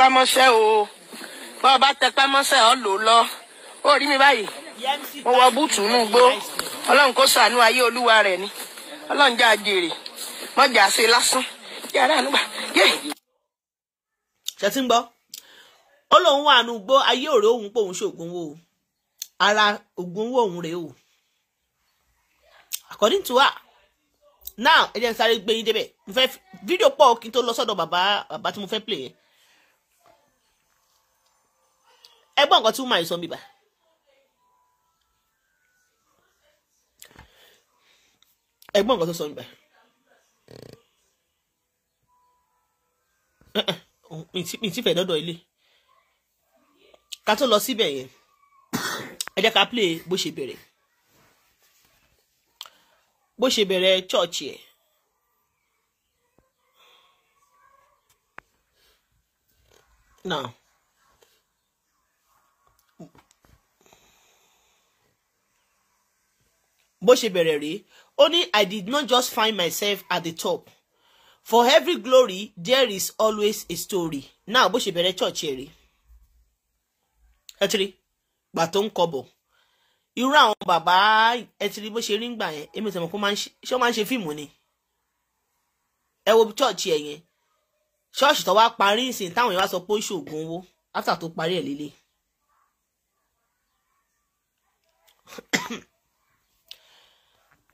pámọ́ṣẹ́ o bọ́ọ̀ bá tẹ pámọ́ṣẹ́ ọ lò lọ ó rí mi báyìí mo wọ búùtù nù gbó ọlọ́run kó sànú ayé olúwa rẹ̀ ni ọlọ́run já jèrè mọ́jà ṣe lásán yàrá ànúgbà yé. ṣe ti ń gbọ́ ó lóun wà nù gbó ayé òré òun pòun ṣoògùn wo ara ògùn wo òun rèé o according to her now ẹ jẹ́ n sáré gbé yín débẹ̀ mo fẹ́ fídíò pọ̀ kí n tó lọ sọ́dọ̀ bàbá bàbá tí mo fẹ́ play yẹn ẹ gbọ́ nǹkan tí wọ́n máa sọ bíbá. ẹ gbọ́ nǹkan tó sọ bíbá. mi ti fẹ́ dọ́dọ̀ ilé ká tó lọ síbẹ̀ yẹn ẹ jẹ́ ká play bó ṣe bẹ̀rẹ̀ bó ṣe bẹ̀rẹ̀ chọ́ọ̀chì ẹ̀. now bó ṣe bẹ̀rẹ̀ rèé ó ní i did not just find myself at the top for every glory there is always a story now bó ṣe bẹ̀rẹ̀ church rèé ẹ ti rí gbà tó ń kọ bọ̀ irú àwọn bàbá ẹ ti rí bó ṣe rí ń gbà yẹn èmi ò tẹ̀ pé ṣé wọ́n máa ń ṣe fíìmù ni ẹ wo church ẹ̀ yẹn ṣọ́ọ̀ṣì tó wá parí ìsìn táwọn èèyàn wá sọ pé ó ṣoògùn owó after tó parí ẹ̀ lélẹ̀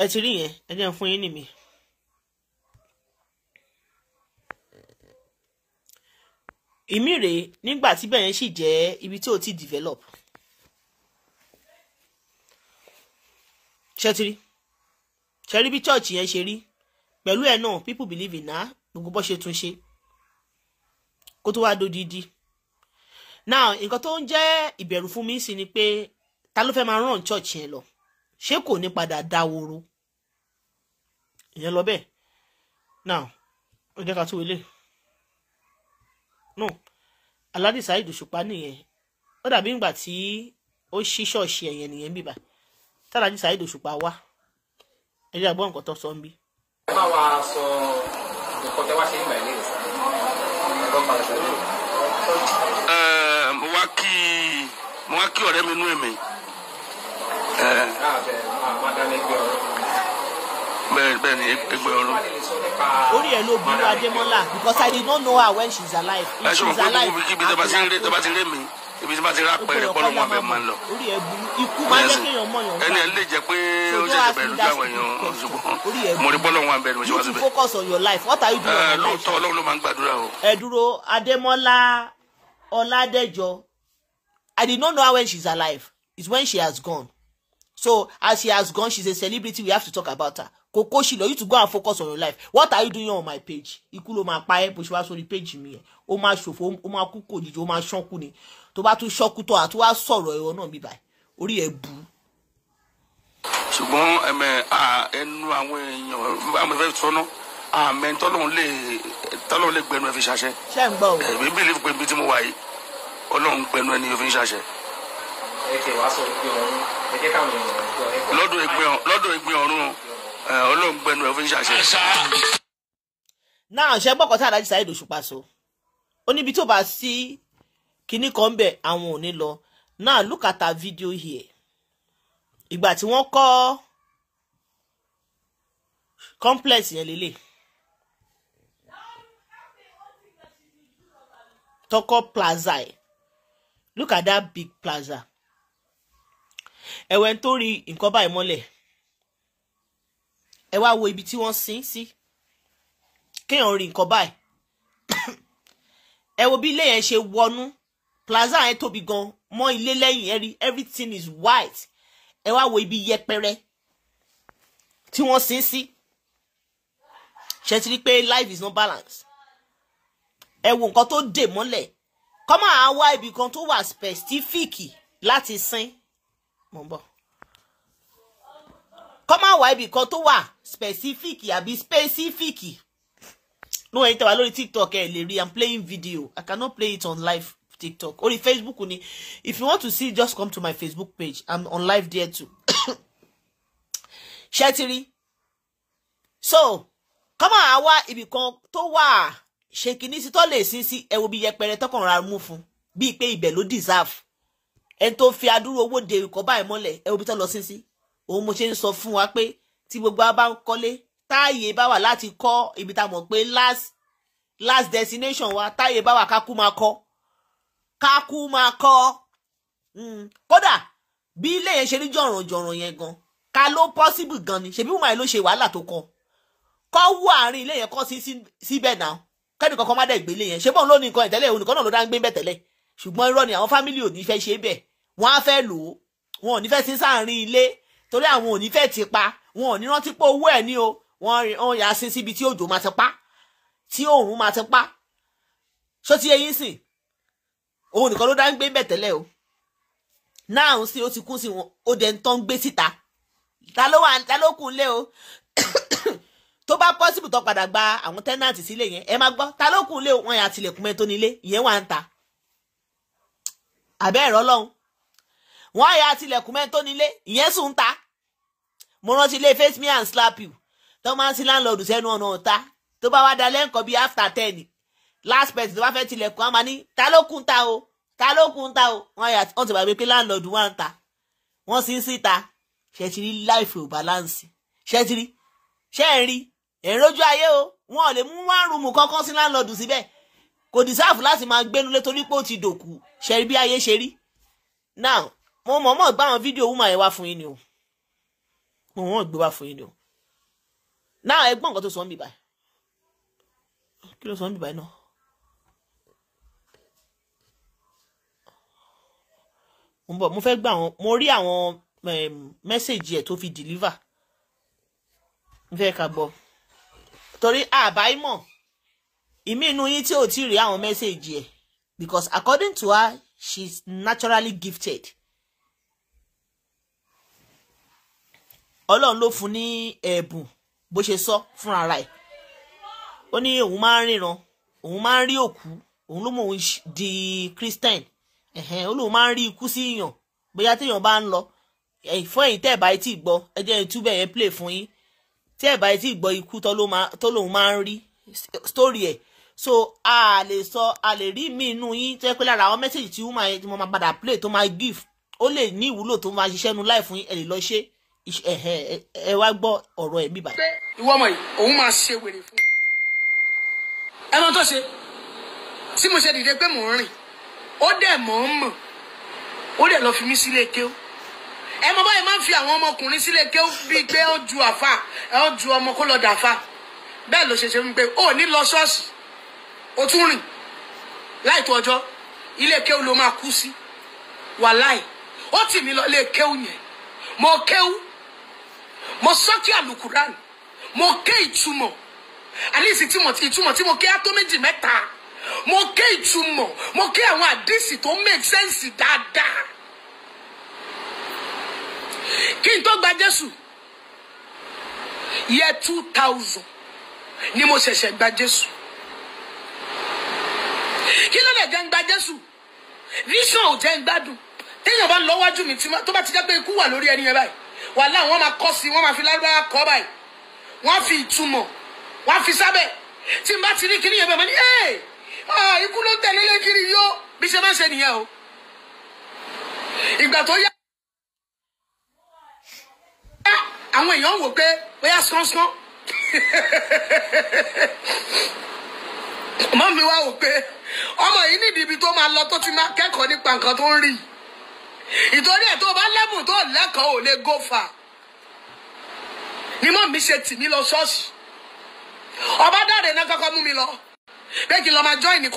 ẹ ti rí yẹn ẹ jẹ́ fún yín nìmi. ìmí rèé nígbà tí bẹ́ẹ̀ yẹn sì jẹ́ ibi tí ò ti develop. ṣé ti rí ṣé rí bí church yẹn ṣe rí pẹ̀lú ẹ̀ náà people believe in na gbogbo bó ṣe tún ṣe kó tó wá dodidi. now nǹkan tó ń jẹ́ ìbẹ̀rù fún mi sí ni pé ta ló fẹ́ máa ràn church yẹn lọ ṣé kò ní padà dáworo ìyẹn lọ bẹ́ẹ̀ now ó jẹ́ ká tó ilé no Alhaji Saheed Òṣùpá nìyẹn ó dàbí ìgbà tí ó ṣí ṣọ́ọ̀ṣì ẹ̀yẹn nìyẹn bíbá tálàjì Saheed Òṣùpá wá ẹ jẹ́ àgbọ̀ nǹkan tó sọ ń bí. ẹ máa wá sọ nǹkan tẹ́ wá ṣe nígbà ilé ìsìn ẹ̀rọ padà wá kí mo wá kí ọ̀rẹ́ mi nú ẹ̀mí orí ẹ̀ ló bínú adémọ́lá because i did not know her when she is alive. if she is alive i feel like tó bá ti mi ibi tí bá ti rà pẹ̀rẹ̀ wọn bẹ̀ máa lọ. orí ẹ̀ burú ikú máa ń jẹ́ kéèyàn mọ̀ yàn. ẹni ẹ lè jẹ pé ó ṣe ṣe bẹ̀rù jáwé yan ṣùgbọ́n mo rí bọ́ọ̀lù wọn bẹ̀rù ṣe wá síbẹ̀. you focus on your life what are you doing on your life. lóòótọ́ ọlọ́run ló máa ń gbàdúrà o. ẹ dúró adémọ́lá ọládẹ́jọ i did not know her when she is alive it's when she has gone So as she has gone, she's a celebrity. We have to talk about her. Koko Shilo, you to go and focus on your life. What are you doing on my page? Ikú ló máa pa ẹ́ bó ṣe wá sórí page mi ẹ̀. Ó máa ṣòfò, ó máa kú kò jíjọ, ó máa ṣánkú ni. Tó bá tún ṣọ́kú tó àti wá sọ̀rọ̀ ẹ̀rọ náà bíbá ẹ̀. Orí ẹ̀ bu. Ṣùgbọ́n ẹnu àwọn èèyàn àmì fẹ́ sọ́nà àmì tọ́lọ́hún lè tọ́lọ́hún lè gbẹnu ẹ fi ṣàṣẹ. Ṣé ń gbọ́ o? Èmi bìlíf pé ibi tí mo wà yìí, Ọlọ́run gbẹnu ẹni yóò fi ń ṣàṣẹ ẹ̀kẹ́ wàá sọ ìgbé ọ̀run ẹ̀kẹ́ káwọn èèyàn ọ̀run. lọ́dọ̀ ìgbé ọ̀run olóògbẹ́nu ẹ̀ fún ṣàṣẹ. náà ṣe gbọ́kọ̀ tí aláàjì Saheed Òṣùpá sọ ó níbi tó bá sí kinní kan bẹ̀ àwọn ò ní lọ náà look at our video here ìgbà tí wọ́n kọ́ complex yẹn lélẹ̀ tọkọ plaza ẹ̀ look at that big plaza ẹ̀wẹ̀ ń tó rí nǹkan báyìí mọ́lẹ̀ ẹ wá wo ibi tí wọ́n sin sí kéèyàn rí nǹkan báyìí ẹ wo bí ilé yẹn ṣe wọnú plaza yẹn tóbi gan mọ́ ilé lẹ́yìn ẹ̀rí everything is white ẹ wá wo ibi yẹpẹrẹ tí wọ́n sin sí ṣe ti rí pé life is not balanced ẹ wo nǹkan tó dè mọ́lẹ̀ kọ́mọ̀ àwa ibì kan tó wà specific láti sin mo ń bọ̀ kọ́má wá ibì kan tó wà specific àbí specific ní wọ́n yìí tẹ̀wá lórí tiktok ẹ̀ lè rí i'm playing video i cannot play it on live tiktok orí facebook ni if you want to see just come to my facebook page i'm on live there too ṣẹ́tìrí so kọ́má wá ibì kan tó wà ṣe kìíní sí tó lè sin sí ẹ wo bí yẹpẹrẹ tọkànra mú fún bíi pé ibẹ̀ ló deserve ẹni tó fi adúrú owó de ìkọ́ báyìí mọ́lẹ̀ ẹ wo bí tó lọ sí sí òun mo ṣe ń sọ fún wa pé tí gbogbo wa bá ń kọ́lé táàyè bá wà láti kọ́ ibi tá a mọ̀ pé last last destination wa táàyè bá wà kákú máa kọ́ kákú máa kọ́ hmm. kódà bí ilé yẹn ṣe rí jọ̀rọ̀jọ̀rọ̀ yẹn gan ká ló possible gan ni ṣebí wùmáì ló ṣe wàhálà tó kọ́ kọ́ wú àárín ilé yẹn kọ́ sí síbẹ̀ náà kẹ́nìkan kan má dẹ̀ gbé ilé yẹn ṣé bọ́n ló ní nǹkan ìtẹ́lẹ̀ òun nìkan náà ló dá ń gbé bẹ́ẹ̀ tẹ́lẹ̀ ṣùgbọ́n irọ́ ni àwọn fámìlì ò ní fẹ́ ṣe bẹ́ẹ̀ wọ́n á fẹ́ lò ó wọn ò ní fẹ́ sí sáàrin ilé torí àwọn ò ní fẹ́ ti pa wọn ò ní rántí pé owó ẹ̀ ní o wọ́n yà sí síbi tí òjò máa ti pa tí òòrùn máa ti pa ṣó ti eyín sìn òun nìkan ló dá ń gbé bẹ̀ tẹ́lẹ̀ o náà sí ó ti kún sí wọn ó dẹ̀ ń tán gbé síta ta ló wà ta ló kún lé o tó bá pọ́sibù tó padà gba àwọn tẹ́nàntì sílé yẹn ẹ máa gbọ́ ta ló kún lé o wọn yà tilẹ̀kùn mẹ́tò nílé ìyẹn wà ń ta àbẹ́ẹ̀rọ lọ́hùn wọ́n àyà àtìlẹ̀kùn mẹ́rin tó nílé ìyẹn sùn ń ta mo rántí ilé face me and slap you tó máa ń sin láńlọ́ọ̀dù sẹ́nu ọ̀nà ọ̀tá tó bá wá da lẹ́ǹkan bíi after ten last person tó bá fẹ́ tilẹ̀kùn á máa ní ta ló kún ta o ta ló kún ta o wọ́n àyà wọ́n ti bàgbé pé láńlọ́ọ̀dù wà ń ta wọ́n sì ń síta ṣẹ́tìrí láìfò balance ṣẹ́tìrí ṣẹ́ẹ̀rí èròjú ayé o wọn ò lè mú wá rúùmù kankan sí láńlọ́ọ̀dù síbẹ̀ kò dìsáàfù láti máa gbénulé torí pé ó ti dòkú ṣe rí bí ayé ṣe rí now mo mọ̀ọ́mọ̀ gbá àwọn fídíò woman yẹn wá fún yín ni o mo mọ̀ọ́mọ̀ gbé wá fún yín ni o now ẹ gbọ́ nǹkan tó sọ ń bì báyìí kí ló sọ ń bì báyìí náà. mo bọ̀ mo fẹ́ gbà àwọn mo rí àwọn mẹ́sẹ̀gì ẹ̀ tó fi deliver mo fẹ́ ká gbọ́ torí àbáyé mọ̀ ìmí inú yín tí ò tí ì rí àwọn mẹ́sẹ̀gì ẹ̀ because according to her she's naturally gifted ọlọ́run ló fún ní ẹ̀bùn bó ṣe sọ fúnra rẹ̀ ó ní òun máa ń ríran òun máa ń rí òkú òun ló mọ òun di christian ó lóun máa ń rí ikú sí èèyàn bóyá téèyàn bá ń lọ fún ẹ̀yin tẹ́ ẹ̀ bá ti gbọ́ ẹ jẹ́ ìtúbẹ̀ yẹn play fún yín tẹ́ ẹ̀ bá ti gbọ́ ikú tó lóun máa ń rí story ẹ̀ so a lè sọ a lè rí mi inú yín tó yẹ pé lára àwọn mẹ́sẹ̀gì tí mo máa padà play tó máa give ó lè ní ìwúlò tó máa ṣiṣẹ́ nu láì fún yín ẹ lè lọ ṣe ẹ wá gbọ́ ọ̀rọ̀ ẹ̀ bíbá. pé ìwọ ọmọ yìí òun máa ṣe wèrè fún un ẹ máa tó ṣe tí mo ṣe dìde pé mò ń rìn ó dẹ̀ mọ̀ ń mọ̀ ó dẹ̀ lọ fi mí sílé kéw ẹ mọ báyìí máa ń fi àwọn ọmọkùnrin sílé kéw bíi pé ó ju àfa ẹ ó ju ọmọ kó lọ dàfa bẹ́ẹ̀ ló ṣe ṣe ń pé ó ní lọ ṣọ́ọ̀ṣì o tún rìn láì tó ọjọ́ ilé kéwù ló máa kú sí wàláì ó tì mí lọ ilé kéwù yẹn mo kéwù mo sọ́kì àlùkùrán mo ké ìtumọ̀ àlísì tí mo ìtumọ̀ tí mo ké á tó méjì mẹ́ta mo ké ìtumọ̀ mo ké àwọn àdísì tó make sense dáadáa kí n tó gba Jésù yẹ two thousand ni mo ṣẹ̀ṣẹ̀ gba Jésù kí ló dẹ̀ jẹ́ ń gba jésù vision ò jẹ́ ń gbádùn téèyàn bá ń lọ́wájú mi tó bá ti jẹ́ pé ikú wà lórí ẹni yẹn báyìí wàhálà wọn máa kọ́ sí wọn máa fi lárúbáwá kọ́ báyìí wọ́n fi ìtumọ̀ wọ́n fi sábẹ́ tí n bá ti rí kiri yẹn bẹ́ẹ̀ mọ́ ni ẹ́ẹ̀ ikú ló ń tẹ̀lé lé kiri yó bí ṣe máa ń ṣe nìyẹn o ìgbà tó yá àwọn èèyàn wò pé bóyá sánsan mọ́ mi wá wò pé. ọmọ yìí nídìí ibi tó máa lọ tó ti máa kẹ́kọ̀ọ́ nípa nǹkan tó ń rí ìtorí ẹ̀ tó bá lẹ́bùn tó lẹ́kọ̀ọ́ ò lè gófà ni mọ́ mi ṣe tì mí lọ ṣọ́ọ̀ṣì ọba dáre náà kọ́kọ́ mú mi lọ pé kí n lọ máa join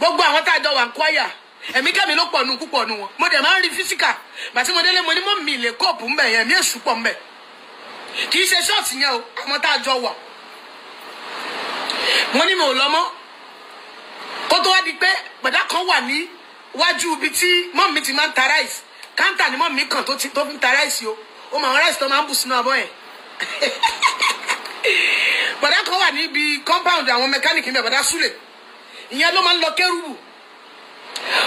gbogbo àwọn tá wà kwaya ẹ̀mí kẹ́mi ló pọ̀ púpọ̀ wọn mo dẹ̀ máa ń ní mọ́ mi mo ní mi ò lọ mọ́ kó tó di pé gbẹ̀dá kan wà ní wájú ibi tí mọ́mì mi ti máa ń ta ráìsì káńtà ni mọ́mì mi kàn tó fi ń ta ráìsì o ó mọ àwọn ráìsì tó máa ń bù sínú abọ́ yẹn gbẹ̀dá kan wà níbi compound àwọn mẹkáníìkì mi gbẹ̀dá súlẹ̀ ìyẹn ló máa ń lọ kérúbù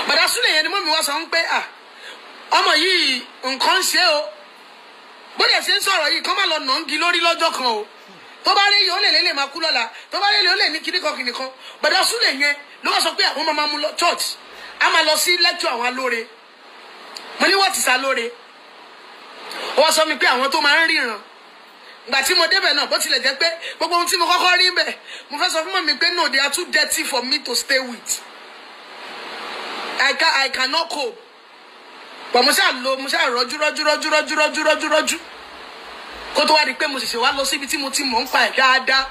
gbẹ̀dá súlẹ̀ yẹn ni mọ́mì mi sọ pé ah ọmọ yìí nǹkan ń ṣe o bó dẹ̀ ṣe ń sọ̀rọ̀ yìí kọ́ máa lọ nàngi lórí lọ́jọ́ kan o tó bá rí yóò lè lè lè máa kú lọ́la tó bá rí yóò lè ní kíníkan kíníkan bàdá súlẹ̀ yẹn ló wá sọ pé àwọn máa mú lọ church a máa lọ sí lẹ́jọ́ àwọn alóore mo ní wọ́ọ̀tì sá lóore ó wá sọ mi pé àwọn tó máa ń ríran gbà tí mo débẹ̀ náà bó tilẹ̀ jẹ́ pé gbogbo ohun tí mo kọ́kọ́ rí bẹ̀ mo fẹ́ sọ fún mi pé no they are too dirty for me to stay with I, can, I cannot cope but mo ṣáà lo mo ṣáà rọjú rọjú rọjú rọjú rọjú rọjú rọjú kó tó wá di pé mo ṣẹ̀ṣẹ̀ wá lọ síbi tí mo ti mọ̀ ń pa ẹ̀ dáadáa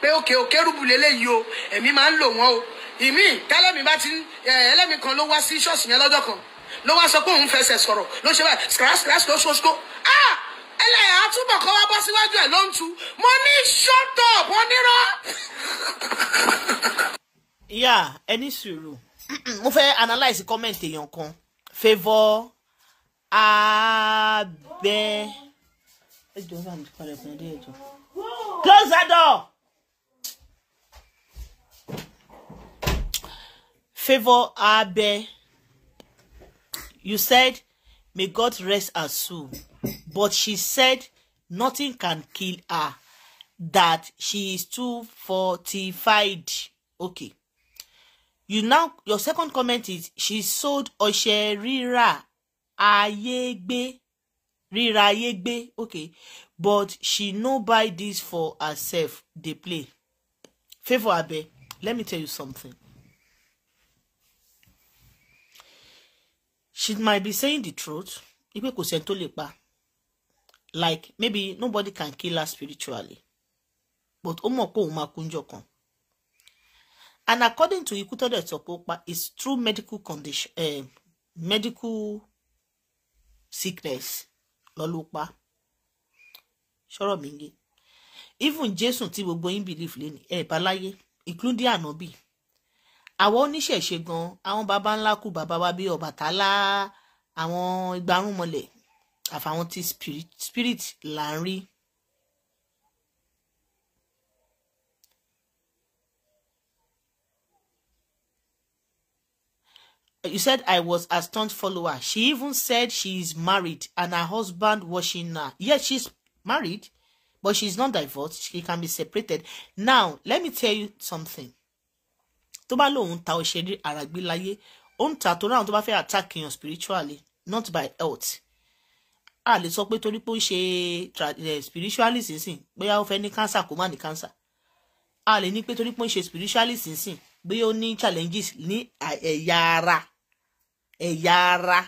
pé òkè òkè rúbùlé léyìí o èmi máa ń lò wọ́n o ìmí tẹ́lẹ̀mí bá ti ẹlẹ́mí kan ló wá sí ṣọ́ọ̀ṣì yẹn lọ́jọ́ kan ló wá sọ pé òun fẹsẹ̀ sọ̀rọ̀ ló ṣe báyìí scratch lóṣooṣo ah ẹlẹ́yà àtúbọ̀ kan wá bọ́ síwájú ẹ̀ ló ń tu mo ní shut up onírọ́. ìyá ẹni sùúrù mo fẹ́ analyse comment èèyàn kan favour abẹ́. Ah, close that door. Favor Abe, you said, may God rest her soul. But she said, nothing can kill her. That she is too fortified. Okay. You now, your second comment is, she sold Osherira Ayegbe ríra ayé gbé okay but she no buy this for herself dey play favour abeg let me tell you something she might be saying the truth ipe kò sẹ́ni tó lè pa like maybe nobody can kill her spiritually but ó mọ̀ pé òun máa kú kan and according to ikú tọ́dọ̀ ìtọ́pọ̀ pa is through medical condition uh, medical sickness lọ ló pa sọ̀rọ̀ mi even Jésù tí gbogbo yín believe lé ní ẹ̀ bá láyé including ànábì àwọn oníṣẹ̀ṣe gan àwọn baba ńlá kù baba wa bíi Ọbàtálá àwọn igbárùnmọlẹ̀ àfàwọn ti spirit spirit là ń rí you said I was a stunt follower. She even said she is married and her husband watching her. Yes, she's married, but she's not divorced. She can be separated. Now, let me tell you something. To ba lo ta òṣèré àràgbé láyé, ó ń ta torí àwọn tó bá attack èèyàn spiritually, not by health. A le sọ pé torí pé ó ṣe eh, spiritualist sísìn, bóyá ó fẹ́ ní cancer kó má ní cancer. A le ni pé torí pé ó ṣe spiritualist sísìn, bóyá ó ní challenges ni eh, ẹ̀yà ara ẹ̀yà ara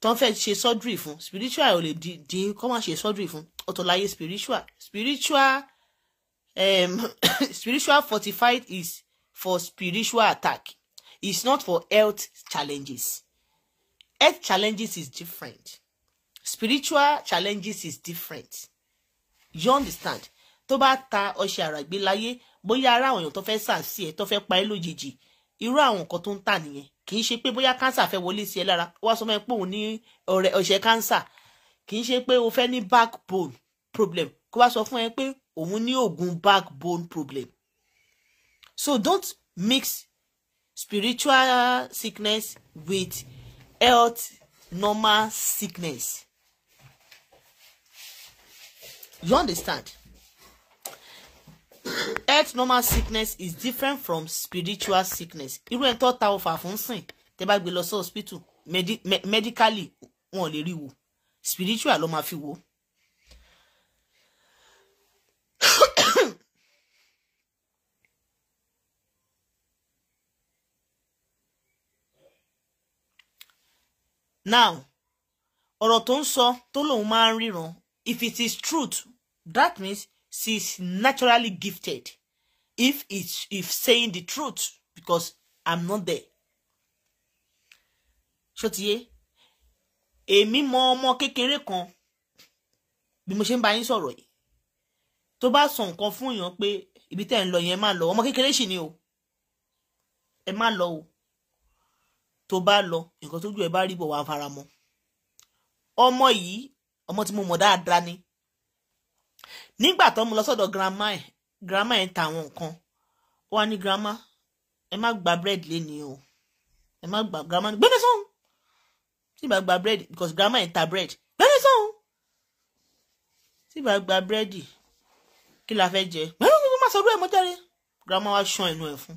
tó ń fẹ́ ṣe surgery fún spiritual ò lè dín kó má ṣe surgery fún ọ̀tọ̀ láyé spiritual spiritual um, spiritual fortified is for spiritual attack it's not for health challenges health challenges is different spiritual challenges is different you understand tó bá ta ọṣẹ àràgbé láyé bóyá ara àwọn èèyàn tó fẹ́ sàn sí ẹ tó fẹ́ pa ẹ́ lójijì irú àwọn nǹkan tó ń tà nìyẹn kì í ṣe pé bóyá cancer fẹ́ wọlé sí ẹ lára wá sọ fún ẹ pé ní ọ̀rẹ́ ọ̀ṣẹ́ cancer kì í ṣe pé o fẹ́ ní backbone problem kó wá sọ fún ẹ pé òun ní oògùn backbone problem so don't mix spiritual sickness with health normal sickness you understand earth normal sickness is different from spiritual sickness irú ẹni tó ta ọfà fún sìn tẹ́ bá gbé lọ sí hospital medically wọn ò lè rí wò spiritual ló máa fi wò. now ọ̀rọ̀ tó ń sọ tó lòun máa ń ríran if it is truth that means She's naturally gifted if it's if saying the truth because i'm not there ṣótiyé èmi mọ ọmọ kékeré kan bí mo ṣe ń bá yín sọ̀rọ̀ yìí tó bá sọ nǹkan fún èèyàn pé ibi tẹ́ ń lọ yẹn má lọ ọmọ kékeré sì ni o ẹ má lọ o tó bá lọ nǹkan tójú ẹ bá rí bọ̀ wá fara mọ́ ọmọ yìí ọmọ tí mo mọ̀ dáadáa ni nígbà tó mo lọ sọ́dọ̀ grandma ẹ̀ grandma ẹ̀ ń ta àwọn nǹkan ó wá ní grandma ẹ má gba bread lénìí o ẹ má gba grandma ní gbẹ́dẹ́ sọ́hún tí ìbá gba bread because grandma ẹ̀ ń ta bread gbẹ́dẹ́ sọ́hún tí ìbá gba bread kí la fẹ́ jẹ gbẹ́dẹ́ sọ́hún má sọ ẹ̀ mọ́ jáde grandma wá ṣan ẹnu ẹ̀ fún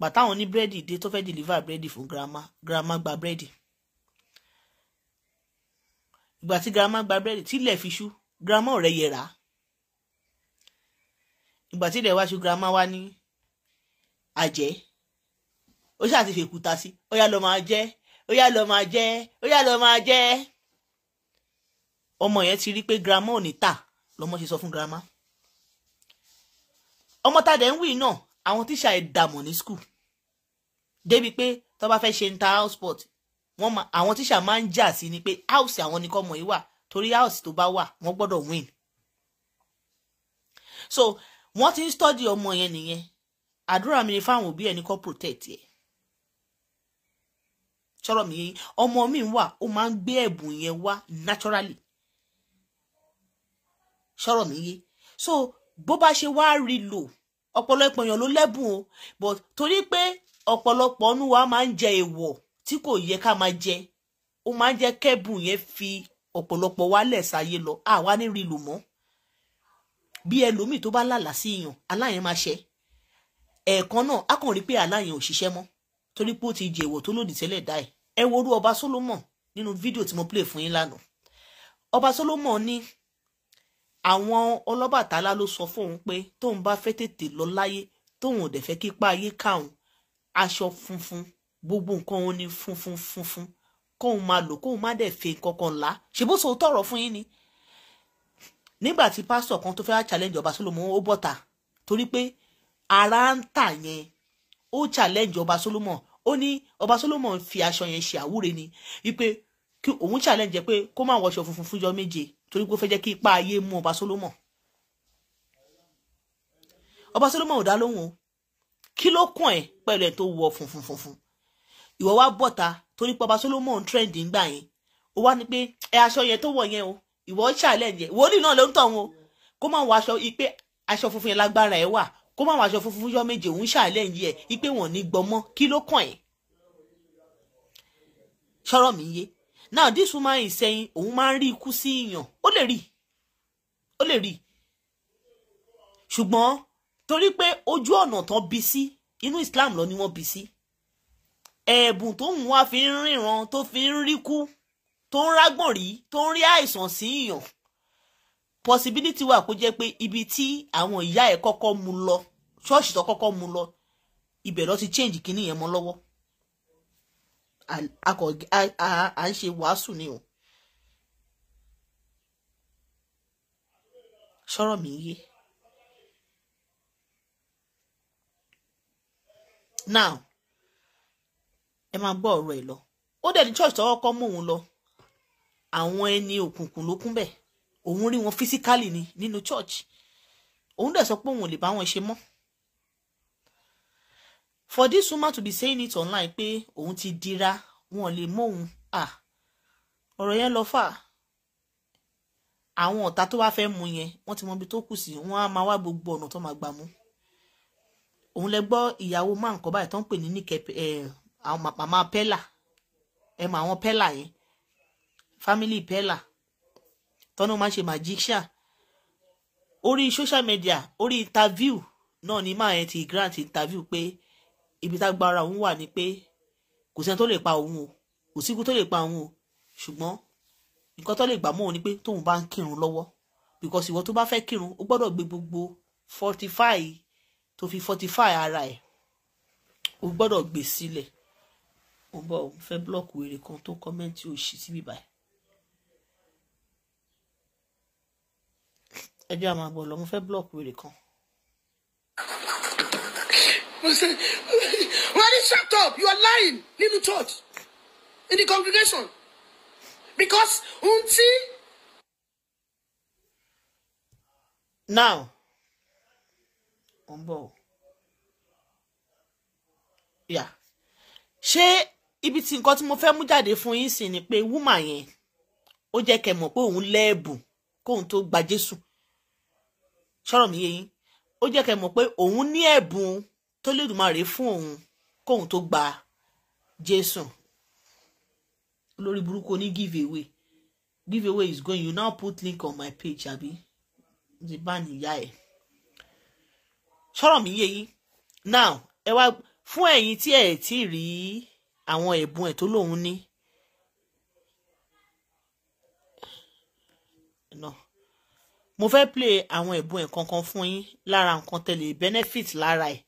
bàtàwọn ní búrẹ́dì dé tó fẹ́ẹ́ deliver búrẹ́dì fún grandma grandma gba búrẹ́dì ìgbà tí grandma gba búrẹ́dì tí ilẹ̀ fi ṣú grandma rẹ̀ yẹra ìgbà tí ilẹ̀ wá ṣe grandma wá ní àjẹ́ ó ṣáà ti fèkúta sí ó yá lọ máa jẹ́ ó yá lọ máa jẹ́ ó yá lọ máa jẹ́ ọmọ yẹn ti rí pé grandma ò ní tà lọmọ ṣe sọ fún grandma ọmọ tá dẹ̀ ń wí náà àwọn tíṣà ẹ̀ dààmú ní school débi pé tó bá fẹ́ ṣe ń ta house sport àwọn tíṣà máa ń jà sí ni pé house àwọn nìkan mọ̀ yìí wà torí house tó bá wà wọ́n gbọ́dọ̀ win so wọ́n ti ń study ọmọ yẹn nìyẹn àdúrà mi ni fáwọn òbí ẹ̀ ní protect yẹ sọ̀rọ̀ mi ọmọ mi wà ó máa ń gbé ẹ̀bùn yẹn wá naturally sọ̀rọ̀ mi yé so bó bá ṣe wá rí lò ọ̀pọ̀lọpọ̀ èèyàn ló lẹ́bùn o but torí pé ọ̀pọ̀lọpọ̀ ọ̀nù wa máa ń jẹ èèwọ̀ tí kò yẹ ká máa jẹ ó máa ń jẹ́ kẹ́bùn yẹn fi ọ̀pọ̀lọpọ̀ wa lẹ̀ sáyé lọ àwa ní rí lò mọ́ bí ẹlòmíì tó bá lálàá sí èèyàn aláyẹn máa ṣẹ ẹ̀ẹ̀kan náà á kàn rí pé aláyẹn ò ṣiṣẹ́ mọ́ torí pé ó ti jẹ̀wọ̀ tó lòdì tẹ́lẹ̀ dá ẹ̀ ẹ worú ọba Solomon nínú fídíò tí mo play fún yín lánàá ọba Solomon ní àwọn ọlọ́bàtálá ló sọ fóun pé tóun bá fẹ́ tètè lọ láyé tóun ò dẹ̀ fẹ́ kípa ayé káwọn aṣọ funfun gbogbo nǹkan òun ni funfun funfun kóun máa lò kóun má dẹ̀ fe kankan ńlá ṣèbó so tọrọ fún yín ni. nígbà tí pásítọ̀ kan tó fẹ́ challenge ọba Solomon ó bọ̀tà torí pé ara ń tà yẹn ó challenge ọba Solomon ó ní ọba Solomon fi aṣọ yẹn ṣe àwúre ni wípé kí òun challenge pé kó má wọṣọ funfun fúnjọ́ méje torí pé ó fẹ́ jẹ́ kí ipa ayé mú ọba Solomon ọba Solomon ò dá lóhùn o kí ló kún ẹ pẹ̀lú ẹ tó wọ funfun funfun ìwọ wá bọ̀ta torí pé Solomon trend ń gbà yẹn ó wá ní pé ẹ aṣọ yẹn tó wọ̀ yẹn o ìwọ challenge wòlíì náà ló ń tọ̀ wọn o kó má wọ aṣọ ipe aṣọ funfun yẹn lágbára ẹ wà kó má wọ aṣọ funfun yọ méje òun challenge ẹ ipe wọn ní gbọmọ kí ló kàn ẹ́ ṣọ́rọ̀ mi yé now this woman is saying òun máa ń rí ikú sí ìyàn ó lè rí ó lè rí ṣùgbọ́n torí pé ojú ọ̀nà tán bí sí inú Islam lọ ni wọ́n bí sí ẹ̀bùn tó ń wá fi ń ríran tó fi ń rí tó ń rágbọ̀n rí tó ń rí àìsàn sí ìyàn possibility wà kó jẹ́ pé ibi tí àwọn ìyá ẹ̀ kọ́kọ́ mú lọ ṣọ́ọ̀ṣì tó kọ́kọ́ mú lọ ibẹ̀ lọ ti change kinní yẹn mọ́ lọ́wọ́ à ń ṣe wàásù ni o sọ̀rọ̀ mi yé now ẹ máa gbọ́ ọ̀rọ̀ ẹ̀ lọ ó dẹ̀ ní church tọwọ́ kọ́ mọ́ òun lọ àwọn ẹni òkùnkùn ló kún bẹ̀ òun rí wọn physically ni nínú church òun dẹ̀ sọ pé òun ò lè bá wọn ṣe mọ́ for this woman to be saying it online pé òun ti dira wọn ò lè mọ òun ah ọ̀rọ̀ yẹn lọ fà àwọn ọ̀tá tó bá fẹ́ mú yẹn wọ́n ti mọ ibi tó kù sí wọ́n á máa wá gbogbo ọ̀nà tó máa gbà mú òun lẹ gbọ́ ìyàwó máa ń kọ́ báyìí tó ń pè ní nìkẹ́ àwọn màmá pẹ́là ẹ mọ àwọn pẹ́là yẹn family pẹ́là tọ́nà máa ṣe magician orí social media orí interview náà ni máa yẹn ti grant interview pé ibi tágbára òun wà ni pé kò sẹ́ni tó lè pa òun o kò síkú tó lè pa òun o ṣùgbọ́n nǹkan tó lè gbà mọ́ òun ni pé tóun bá ń kírun lọ́wọ́ because ìwọ tó bá fẹ́ kírun ó gbọ́dọ̀ gbé gbogbo fortify tó fi fortify ara ẹ̀ ó gbọ́dọ̀ gbé sílẹ̀. Si mo bọ mo fẹ́ blọọkù wèrè kan tó kọmẹǹtì òṣì síbí báyìí ẹjọ́ àmọ́ àbọ̀ lọ mo fẹ́ blọọkù wèrè kan. wọ́n ní shut up you are lying the church in the congregation because unti now mo ń Yeah ṣé ibi tí nǹkan tí mo fẹ́ mú jáde fún yín sì ni pé wúmà yẹn ó jẹ́ kẹ́ mọ̀ pé òun lẹ́ẹ̀bùn kóun tó gba Jésù ṣọ́rọ̀ mi yé yín ó jẹ́ kẹ́ mọ̀ pé òun ní ẹ̀bùn tó lèdùmarè fún òun kóun tó gba Jésù olórí burúkú oní give away give away is going you now put link on my page àbí the ban ìyá ẹ̀ ṣọ́rọ̀ mi yé now ẹ wá fún ẹ̀yin tí ẹ̀ tí rí i àwọn ẹ̀bùn ẹ̀ tó lòun ní. mo fẹ́ play àwọn ẹ̀bùn ẹ̀ kankan fún yín lára nǹkan tẹ̀lé benefit lára ẹ̀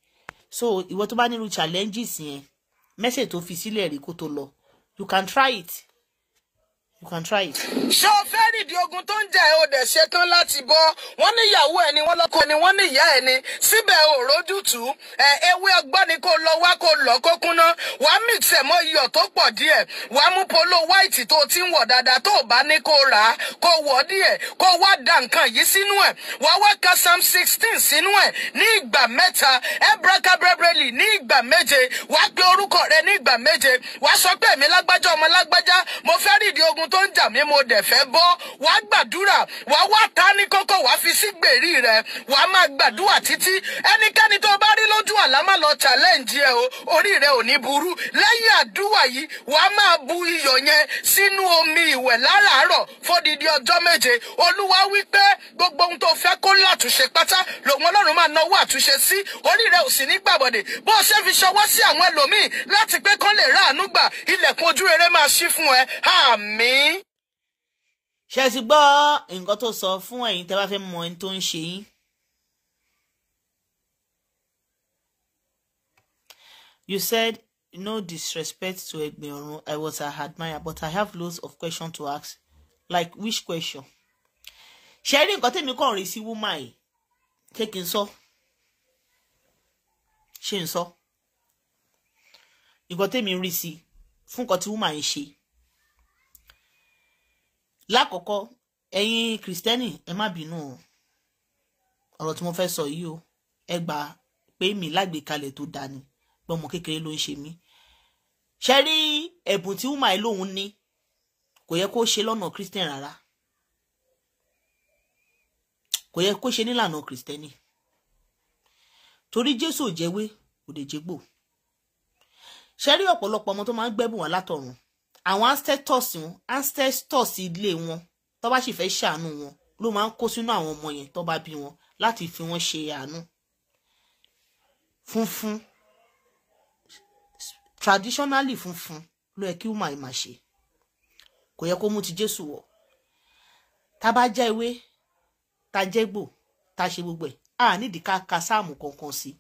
so ìwọ tó bá nílò challenges yẹn message tó fi sílẹ̀ rí kó tó lọ you can try it you can try it. ṣọ́ọ̀fù nídìí ogun tó ń jà ẹ́ ṣetán láti bọ́ wọ́n ní ìyàwó ẹni wọ́n lọ́kọ ẹni wọ́n ní ìyá ẹni síbẹ̀ ò rójútù ẹ ewé ọgbọ́n ni kò lọ wá kò lọ kó kúná wà á mix ẹ̀ mọ́ iyọ̀ tó pọ̀ díẹ̀ wà á mú polo white tó ti ń wọ̀ dáadáa tó bá ní kó rà á kó wọ̀ díẹ̀ kó wá da nǹkan yìí sínú ẹ̀ wà á wá ka psalm sixteen sínú ẹ̀ ní ìgbà mẹ́ta ẹ̀brakabrẹ́brẹ́lì ní ìgbà méje wà á pe orúkọ rẹ ní ìgbà méje wà á sọ pé èmi lágbájá ọmọ lágbájá nídìí ogun tó ń jà mí mo dẹ̀ fẹ́ bọ́ wàá gbàdúrà wàá wá ta ní kókó wàá fi sí gbèrí rẹ wàá máa gbàdúrà títí ẹnikẹ́ni tó bá rí lójú àlá má lọ challenge ẹ o orí rẹ ò ní burú lẹ́yìn àdúrà yìí wàá máa bu iyọ̀ yẹn sínú omi ìwẹ̀ láràárọ̀ fódìdí ọjọ́ méje olúwa wípé gbogbo ohun tó fẹ́ kó látúnṣe pátá lòun ọlọ́run máa náwó àtúnṣe sí orí rẹ ò sì ní gbàbọ̀dẹ̀ bó o ṣe fi ṣọwọ́ sí àwọn ẹlòmíì láti pé kán lè ráàánú gbà ilẹ̀kùn ojú rere máa ṣí fún ẹ àmín. ṣé ẹ ti gbọ́ nǹkan tó sọ fún ẹ̀yin tẹ́ bá fẹ́ mọ ẹni tó ń ṣe yín. You said no disrespect to Egbinorun. I was her admirer, but I have loads of questions to ask. Like which question? ṣe rí nǹkan tẹ́mi kàn rí sí wúmà yìí ṣé kí n sọ ṣé n sọ nǹkan tẹ́mi rí sí fún nǹkan tí wúmà yìí ṣe lákọ̀ọ́kọ́ ẹ̀yin kìrìsìtẹ́nì ẹ má bínú o ọ̀rọ̀ tí mo fẹ́ sọ yìí o ẹ gbà pé mi lágbèkalẹ̀ tó dání pé ọmọ kékeré ló ń ṣe mí ṣe rí ẹ̀bùn tí wúmà lòun ní kò yẹ kó ṣe lọ́nà christian rárá kò yẹ kó ṣe nílànà kìrìsìtẹ́nì torí jésù ò jẹ́wé kò lè jẹ́gbò ṣe rí ọ̀pọ̀lọpọ̀ ọmọ tó máa ń gbẹ́bùn wá látọ̀run àwọn ancestors wọn ancestors ilé wọn tó bá sì fẹ́ ṣàánú wọn ló máa ń kó sínú àwọn ọmọ yẹn tó bá bí wọn láti fi wọn ṣe àánú funfun traditionally funfun ló yẹ kí ó máa ṣe kò yẹ kó mú ti Jésù wọ̀ tá bá jẹ ewé tá jẹ gbò tá ṣe gbogbo ẹ̀ a nídìí ká ka sáàmù kankan sí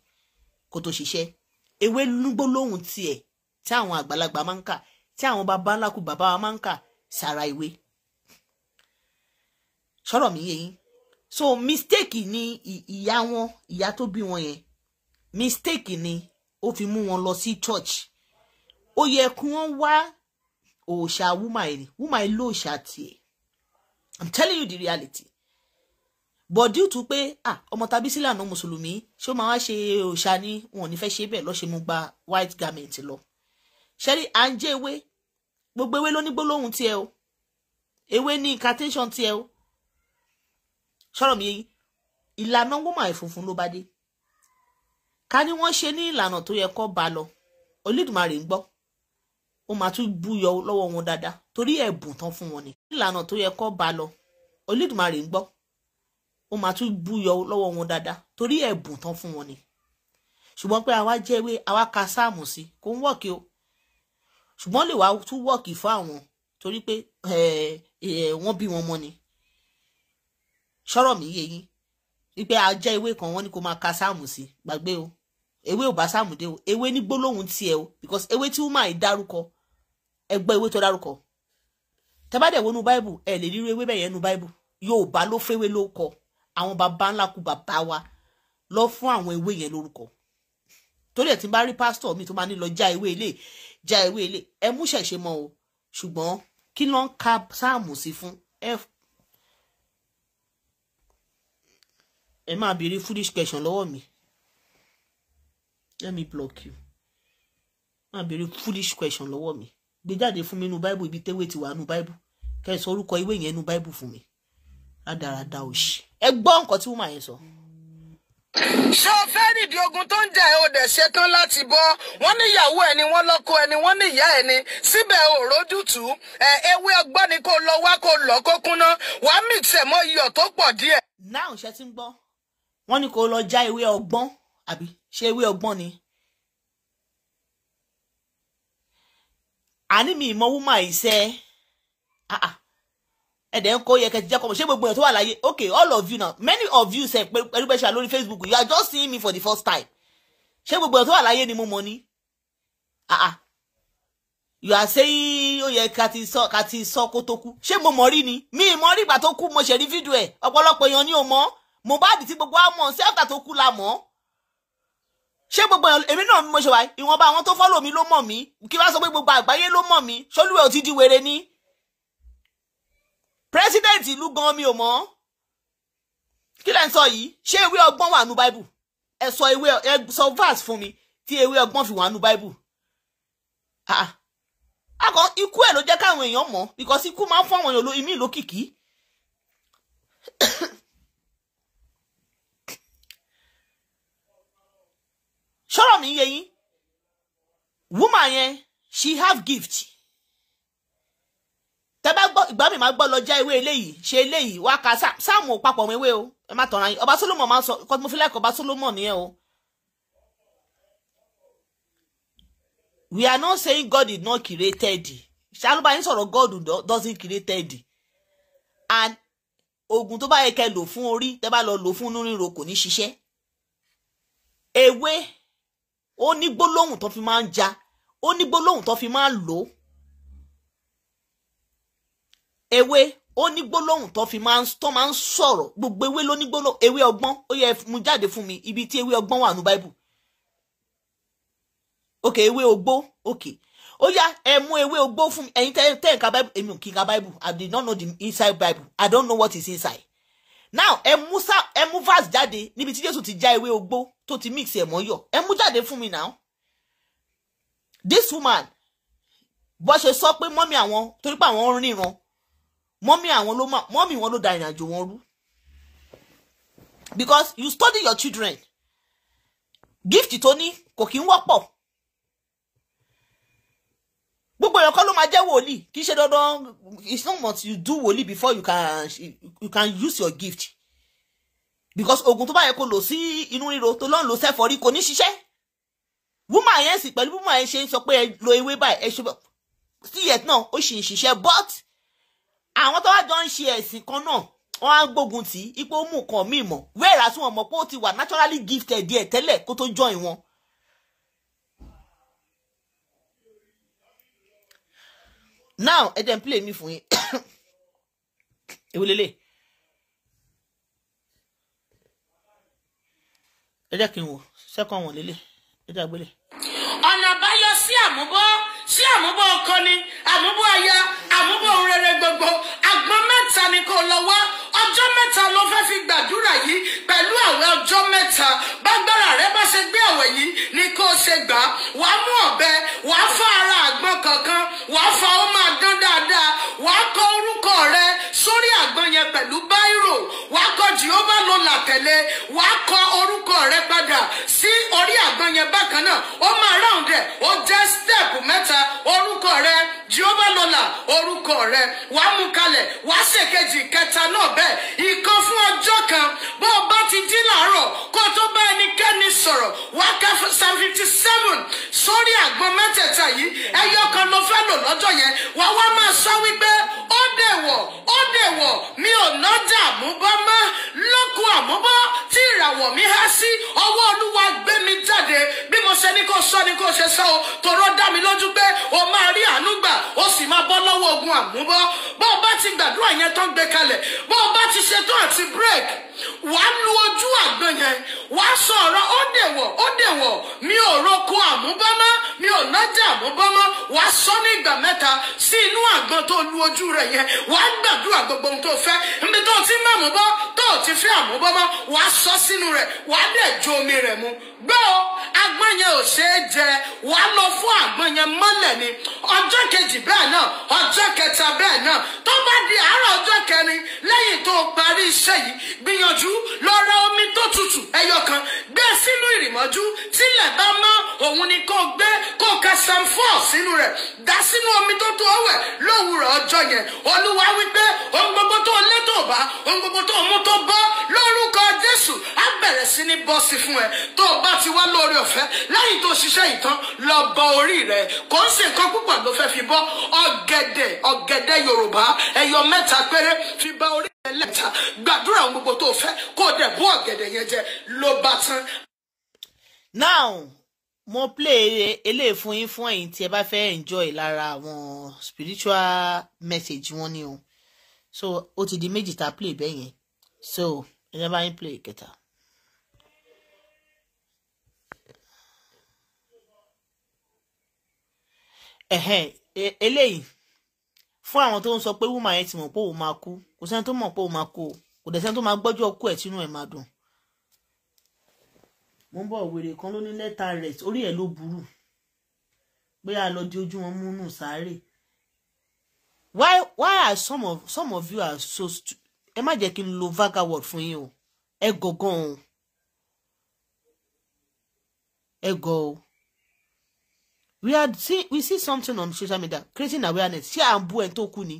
kó tó ṣiṣẹ́ ewé lúgbó lóhùn tiẹ̀ tí àwọn àgbàlagbà máa ń kà tí àwọn baba ńlá kù bàbá wa máa ń kà sára ìwé sọ̀rọ̀ mi yé so mistake ni ìyá wọn ìyá tó bí wọn yẹn mistake ni ó fi mú wọn lọ sí church ó yẹ kí wọ́n wá òòṣà wúmà ni wúmà yìí lóòṣà tiẹ̀ i'm telling you the reality but due to pé ah ọmọ tàbí sílẹ̀ àná mùsùlùmí ṣé ó máa wá ṣe òòṣà ni wọn ò ní fẹ́ ṣe bẹ́ẹ̀ lọ́ọ́ ṣe mú gba white garment lọ ṣẹ́rí à ń jẹ́ ewé gbogbo ewé ló ní gbólóhùn tiẹ̀ o ewé ní incantation tiẹ̀ o sọ̀rọ̀ mi ìlànà woman ìfunfun ló bá dé ká ní wọ́n ṣe ní ìlànà tó yẹ kó bá lọ olódùmarè ń gbọ́ ó máa tún búyọ lọ́wọ́ wọn dáadáa torí ẹ̀bùn tán fún wọn ni ìlànà tó yẹ kó bá lọ olódùmarè ń gbọ́ ó máa tún búyọ lọ́wọ́ wọn dáadáa torí ẹ̀bùn tán fún wọn ni ṣùgbọ́n pé àwa jẹ́wé àwa ka sáàmù sí kò ń wọ̀kì o ṣùgbọ́n lè wá tún wọ́ọ̀kì fún àwọn torí pé eh, eh, wọ́n bí wọn mọ́ ni ṣọ́rọ̀ mi yé yín wípé a jẹ́ ewé kan wọ́n ní kó máa ka sáàmù sí gbàgbé o ewé ò bá sáàmù dé o ewé ní gbólóhùn tiẹ̀ o because ewé tí wúmà yìí dárúkọ ẹgbẹ́ ewé tó dárúkọ tẹ́bàdẹ̀ wọnú báìbù ẹ lè rí ewé bẹ́ẹ̀ yẹn nu báìbù Yorùbá ló fẹ́wé ló kọ àwọn baba ńlá kú bàbá wa lọ fún àwọn ewé yẹn lórúkọ torí ẹ̀ tí n bá rí pásítọ̀ mi tó máa ní lọ já ewé ilé já ewé ilé ẹ mú ṣẹ̀ṣẹ̀ mọ́ o ṣùgbọ́n kí ló ń ka sáàmù sí fún ẹ ẹ máa béèrè foolish question lọ́wọ́ mi let me block you máa béèrè foolish question lọ́wọ́ mi gbé jáde fún mi nínú báíbù ibi tẹ́wé ti wà nínú báíbù kẹ́ ẹ sọ orúkọ ìwé yẹn nínú báíbù fún mi rádaràda òṣì ẹ gbọ́ nǹkan tí wọ́n máa yẹn sọ. Mm ṣé o fẹ́ nìdí ogun tó ń jà ẹ́ o dẹ̀ ṣetán láti bọ́ wọ́n ní ìyàwó ẹ̀ lọ́kọ ẹ̀ ni wọ́n ní síbẹ̀ o rójútù ẹ ewé ọgbọ́n ni kò lọ wá kò lọ kó kúná wàá mix ẹ̀ mọ́ iyọ̀ tó pọ̀ díẹ̀. náà ṣe ti ń gbọ́ wọ́n ní kò lọ já ewé ọgbọ́n àbí ṣé ewé ọgbọ́n ni. àní mi ìmọ̀ wúmà yìí ah ah ẹ̀dẹ̀ ń kó yẹ kẹ́tì jẹ́ kọ́mọ̀ ṣé gbogbo èèyàn tó wà láyé okay all of you now many of you sẹ̀ pẹ̀lú pẹ̀ṣẹ̀ lórí Facebook you are just seeing me for the first time ṣé gbogbo èèyàn tó wà láyé ni mo mọ̀ ni ah, ah. you are saying ó yẹ ká ti sọ ká ti sọ kó tó kú ṣé mo mọ̀ rí ni mi mọ̀ rí ìgbà tó kú mo ṣe fídíò ẹ̀ ọ̀pọ̀lọpọ̀ èèyàn ni ò mọ̀ Mohbad tí gbogbo wa mọ̀ sí tó kú la mọ̀ ṣé gbogbo èmi náà mo ṣe wáyé ìwọ̀nba àwọn tó fọ́lọ̀ mi ló mọ̀ mí kí wá sọ pé gbogbo àgbáyé ló mọ̀ mí ṣolúwẹ̀ ò ti di wèrè ni president ìlú gan mi ò mọ̀ kí lẹ́ ń sọ yìí ṣé ìwé ọgbọ́n wà nú bible ẹ sọ ìwé ẹ sọ verse fún mi tí ìwé ọgbọ́n fi wà nú bible akọ ikú ẹ̀ ló jẹ́ káwọn èèyàn mọ̀ because ikú máa ń fún àwọn èèyàn ìmí lókìkí sọ̀rọ̀ mi yẹ yín woman yẹn she have gift tẹ́ gbọ́ ìgbà mi máa gbọ́ lọ já ewé eléyìí ṣe eléyìí wá ka sáàmù papọ̀ mọ́ ewé o ẹ má tọ̀ra yín ọba solomon máa ń sọ kọ́ mo fi láìkọ́ ọba solomon nìyẹn o. we are not saying God is not created ṣàlùbáyé sọ̀rọ̀ God doesn't created and oògùn tó bá yẹ kẹ́ lò fún orí tẹ́ bá lọ lò fún inú ríro kò ní ṣiṣẹ́ ewé ó ní gbólóhùn tó fi máa ń ja ó ní gbólóhùn tó fi máa ń lò ó ewé ó ní gbólóhùn tó fi máa ń tó máa ń sọ̀rọ̀ gbogbo ewé ló ní gbólóhùn ewé ọgbọ́n ó yẹ mú jáde fún mi ibi tí ewé ọgbọ́n wà ní báíbù ok ewé ogbó ok ó yá ẹ mú ewé ogbó fún mi ẹ̀yin tẹ́ ẹ̀ ka èmi ò kí n ka báíbù i did not know the inside bible i don't know what is inside now ẹ mú sá ẹ mú verse jáde níbi tí jésù ti já ewé ogbó tó ti mix ẹ̀ mọ́ yọ̀ ẹ mú jáde fún mi now this woman bó ṣe sọ pé mọ́mí àwọn torí pé àwọn ń ríran mọ́mí àwọn ló mọ́mí wọn ló da ìrìn àjò wọn rú because you study your children gift tó ní kò kí ń wọ́pọ̀ gbogbo èèyàn kọ́ ló máa jẹ́ wòlíì kì í ṣe dandan it's not much you do wòlíì before you can you can use your gift because oògùn tó bá yẹ kó lò sí inú ríro tó lọ́n lò sẹ́fọ̀rí kò ní ṣiṣẹ́ woman yẹn sì pẹ̀lú woman yẹn ṣe ń sọ pé ẹ lo ewé báyìí ẹ ṣe bọ̀ sí yẹn náà ó sì ń ṣiṣẹ́ but àwọn tó wá jọ ń ṣe ẹ̀sìn kan náà wọ́n á gbógun tì í ipò mú nǹkan míì mọ̀ wẹ́ẹ̀rà tí wọ́n mọ̀ pé ó ti wà naturally gifted díẹ̀ tẹ́lẹ̀ kó tó join wọn. now ẹ jẹ́ play mi fún yín ewu lele ẹ jẹ́ kí n wò second one lele ẹ jẹ́ àgbélé. ọ̀nà àbáyọ sí àmúbọ́ sí àmúbọ̀ ọkọ ni àmúbọ̀ aya àmúbọ̀ rere gbogbo àgbọn mẹ́ta ni kò lọ wá ọjọ́ mẹ́ta ló fẹ́ fi gbàdúrà yìí pẹ̀lú àwẹ̀ ọjọ́ mẹ́ta bágbára rẹ bá ṣe gbé àwẹ̀ yìí ni kó o ṣe gbà wà á mú ọ̀bẹ wà á fa ara àgbọn kankan wà á fa ó máa dáadáa wà á kọ orúkọ rẹ sórí àgbọn yẹn pẹ̀lú báyìí wàá kọ Jehovah ló là tẹ̀lé wàá kọ orúkọ rẹ padà sí orí àgbọn yẹn bákan náà ó máa ráhùn rẹ ó jẹ́ step mẹ́ta orúkọ rẹ Jehovah ló là orúkọ rẹ wàá mú kalẹ̀ wàá ṣèkejì kẹta náà bẹ́ẹ̀ ìkan fún ọjọ́ kan bó o bá ti dín làárọ̀ kó o tó bá ẹnikẹ́ni sọ̀rọ̀ wàá ká psalm fifty seven sórí àgbọn mẹ́tẹ̀ẹ̀ta yìí ẹyọ kan ló fẹ́ lò lọ́jọ́ yẹn wàá wá máa sọ wípé ó dẹ̀wọ̀ ó dẹ̀wọ̀ mi ò ná dààmú bá má lọ́kùn àmúbọ́ tí ìràwọ̀ mi há sí ọwọ́ olúwa gbé mi jáde bí mo ṣe ní kó sọ ni kó ṣe sọ o tọrọ dá mi lójú pé o máa rí àánú gbà o sì máa bọ́ lọ́wọ́ ogun àmúbọ́ bó bá ti gbàdúrà yẹn tán gbé kalẹ̀ bó bá ti ṣetán àti break wàá lu ojú àgbọn yẹn wàá sọ ọ̀rọ̀ ó dèwọ̀ ó dèwọ̀ mi ò roko àmúbọ́mọ́ mi ò nájà àmúbọ́mọ́ wàá sọ ní ìgbà mẹ́ta sí inú àgbọn tó lu ojú yẹn wa gbàdúrà gbogbo ohun tó fẹ níbi tó ti má mú tó ti fẹ́ àmúbọ́mọ́ wàá sọ sínú rẹ̀ wa dẹ̀ ju omi rẹ mu gbọ́ àgbọn yẹn ò ṣeé jẹ á lọ fún àgbọn yẹn mọ́lẹ̀ ni ọjọ́ kejì bẹ́ẹ̀ náà ọjọ́ kẹta bẹ́ẹ̀ náà tó bá di àárọ̀ ọjọ́ gbìyànjú lọ ra omi tó tutù ẹyọ kan gbé sínú ìrìmọ́jú tílẹ̀ bá mọ́ òun ni kó gbé kó ka psalm four sínú rẹ̀ dá sínú omi tó tó ọwẹ̀ lówùrọ̀ ọjọ́ yẹn olúwa wípé ohun gbogbo tó lé tó bá ohun gbogbo tó mú tó bọ́ lórúkọ jésù á bẹ̀rẹ̀ sí ní bọ́ sí fún ẹ tó o bá ti wá lórí ọ̀fẹ́ lẹ́yìn tó ṣiṣẹ́ ìtàn lọ bọ orí rẹ kò ń ṣe nǹkan púpọ̀ ló fẹ́ fi bọ́ ọ̀gẹ̀dẹ̀ ọ̀gẹ̀dẹ̀ yorùbá ẹyọ mẹ́ta péré fi bọ orí ẹlẹ́ta gbàdúrà ohun gbogbo tó fẹ́ kó dẹ̀ bó ọ̀gẹ̀dẹ̀ yẹn jẹ ló bá tán. now mo play eléyìí fún yín fún ẹ̀yin tí ẹ bá fẹ́ enjoy lára àwọn spiritual message wọn ni o so ó ti di méjì tá a play bẹ́ẹ̀ yẹn so ẹ jẹ́ bá yín play kẹta. E-, eléyìí fún àwọn tó ń sọ pé wúmà yẹn ti mọ̀ pé òun máa kú kò sẹ́ni tó mọ̀ pé òun máa kú kò dẹ̀ sẹ́ni tó máa gbọ́jọ́ ọkú ẹ̀ tínú ẹ̀ máa dùn. mo ń bọ̀ wèrè kan ló ní lẹ́tà rẹ̀ orí ẹ̀ ló burú pé a lọ di ojú wọn múnú sáré why why are some of some of you are so ẹ má jẹ́ kí n lo vaga word fún yín o ẹ gọ̀gàn o ẹ gọ̀ we are see we see something on social media creating awareness ṣé à ń bú ẹ tó kú ni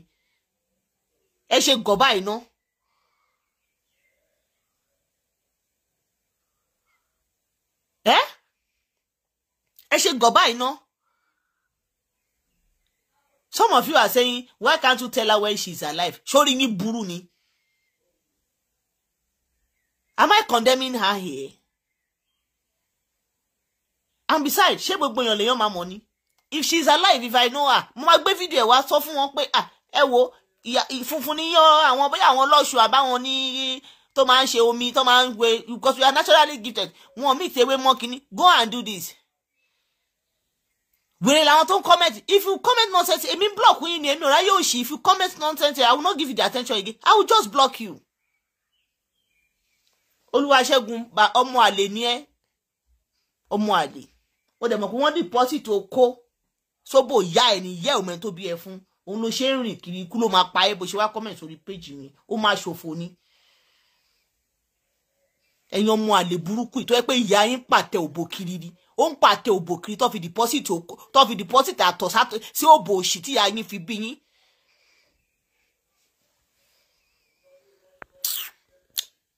ẹ ṣe gọba iná. ẹ ẹ ṣe gọba iná. some of you are saying why can't you tell her when she is alive sórí yín burú ni. am I condemning her here? and besides ṣé gbogbo èèyàn lèèyàn máa mọ̀ ni if she is alive if i know her mo máa gbé fídíò ẹ̀ wá sọ fún wọn pé ah ẹ wo funfun ni yan àwọn bóyá àwọn ọlọ́ṣù àbáwọn ní tó máa ń ṣe omi tó máa ń gbé because we are naturally gifted wọn mi ti ewé mọ́ kínní go and do this wèrè làwọn tó ń comment if you comment nonsense èmi block yín ni èmi ò ráyè òṣì if you comment nonsense i will not give you the attention again i will just block you. olúwaṣẹ́gun ọmọ àlè ni ẹ́ ọmọ àlè ó dẹ̀ mọ̀ pé wọ́n dìpọ́sìtì okó sóbò ìyá ẹ̀ ní ìyá ẹ̀ òmẹ́ tó bí ẹ fún òun ló ṣe ń rìn kiri ikú ló máa pa ẹ́ bó ṣe wá kọ́mẹ̀ntì sórí péjì mi ó máa ṣòfò ni ẹ̀yin ọmọ àlè burúkú ìtọ́ ẹ pé ìyá yín pàtẹ òbò kiri ni ó ń pàtẹ òbò kiri tó fi dìpọ́sìtì okó tó fi dìpọ́sìtì àtọ̀ sí òbò òṣì tí ìyá yín fi bí yín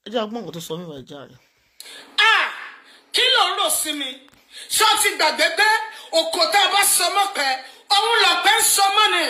ẹ jẹ́ agbọ́n nǹkan tó sọ mí wà jáde. a ah! kí ló ń rò sí mi ṣọ́ọ̀tì gbàgbé pé òkò tá a bá sọ mọ́pẹ́ òun lọ̀pẹ́ ń sọ mọ́ni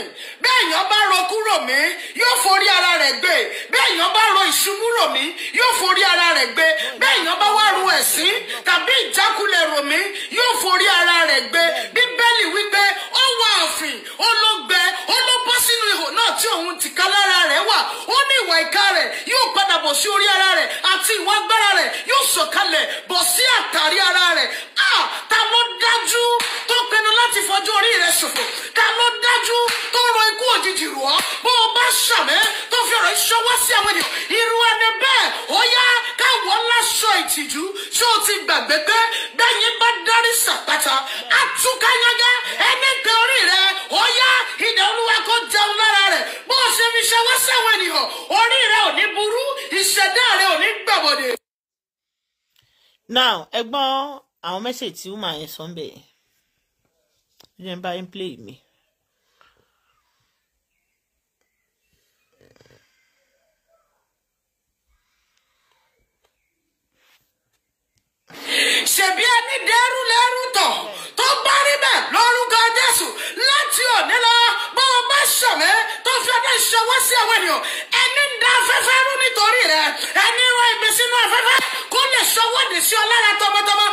bẹ́ẹ̀ yàn bá ro kúrò mí yóò forí ara rẹ̀ gbé bẹ́ẹ̀ yàn bá ro ìṣubú rò mí yóò forí ara rẹ̀ gbé bẹ́ẹ̀ yàn bá wá ru ẹ̀sín tàbí ìjákulẹ̀ rò mí yóò forí ara rẹ̀ gbé bíbélì wípé ó wà òfin ó ló gbẹ ó ló bọ́ sínú ihò náà tí òun tìka lára rẹ̀ wà ó ní ìwà ìka rẹ̀ yóò padà bọ̀ sí orí ara rẹ̀ àti ìwà agbára rẹ̀ yóò sọ̀kalẹ̀ bọ̀ sí àtàrí ara rẹ̀ ah ta ló dájú tó pinnu láti fọjọ́ orí rẹ̀ ṣòfò ta ló dájú tó rọ ikú òjijì rò ọ́ bó o bá ṣàmẹ́ tó fi ọ̀rọ̀ ìṣọwọ́ sí àwọn ènìyàn irú ẹni bẹ́ẹ̀ ó yá káwọn láṣọ ìtìjú ṣé o ti gbàgbé pé bẹ́yìn bá dárí sàpáta àtúkà ẹni pé orí rẹ ó yá ìdá olúwa kó jẹun lára rẹ bó o ṣe fi ṣọwọ́ sí àwọn ènìyàn orí rẹ ò ní burú ìṣẹ̀dá rẹ ò ní gbàbọ̀dẹ̀. now ẹ̀gbọ́n àwọn mẹ́sẹ̀ tí ó máa yẹn sọ ń bẹ̀yẹn jẹ́ n bá yín play mi. ṣebí ẹni dẹrù lẹrù tán tó bá rí bẹ́ẹ̀ lórúkọ Jésù láti òní lọ bó o bá ṣọ̀mẹ́ tó fi ọdẹ ṣọwọ́ sí àwọn ènìyàn ẹni dá afẹ́fẹ́ rú nítorí rẹ kó lè ṣọwọ́ dì sí ọ tọmọtọmọ.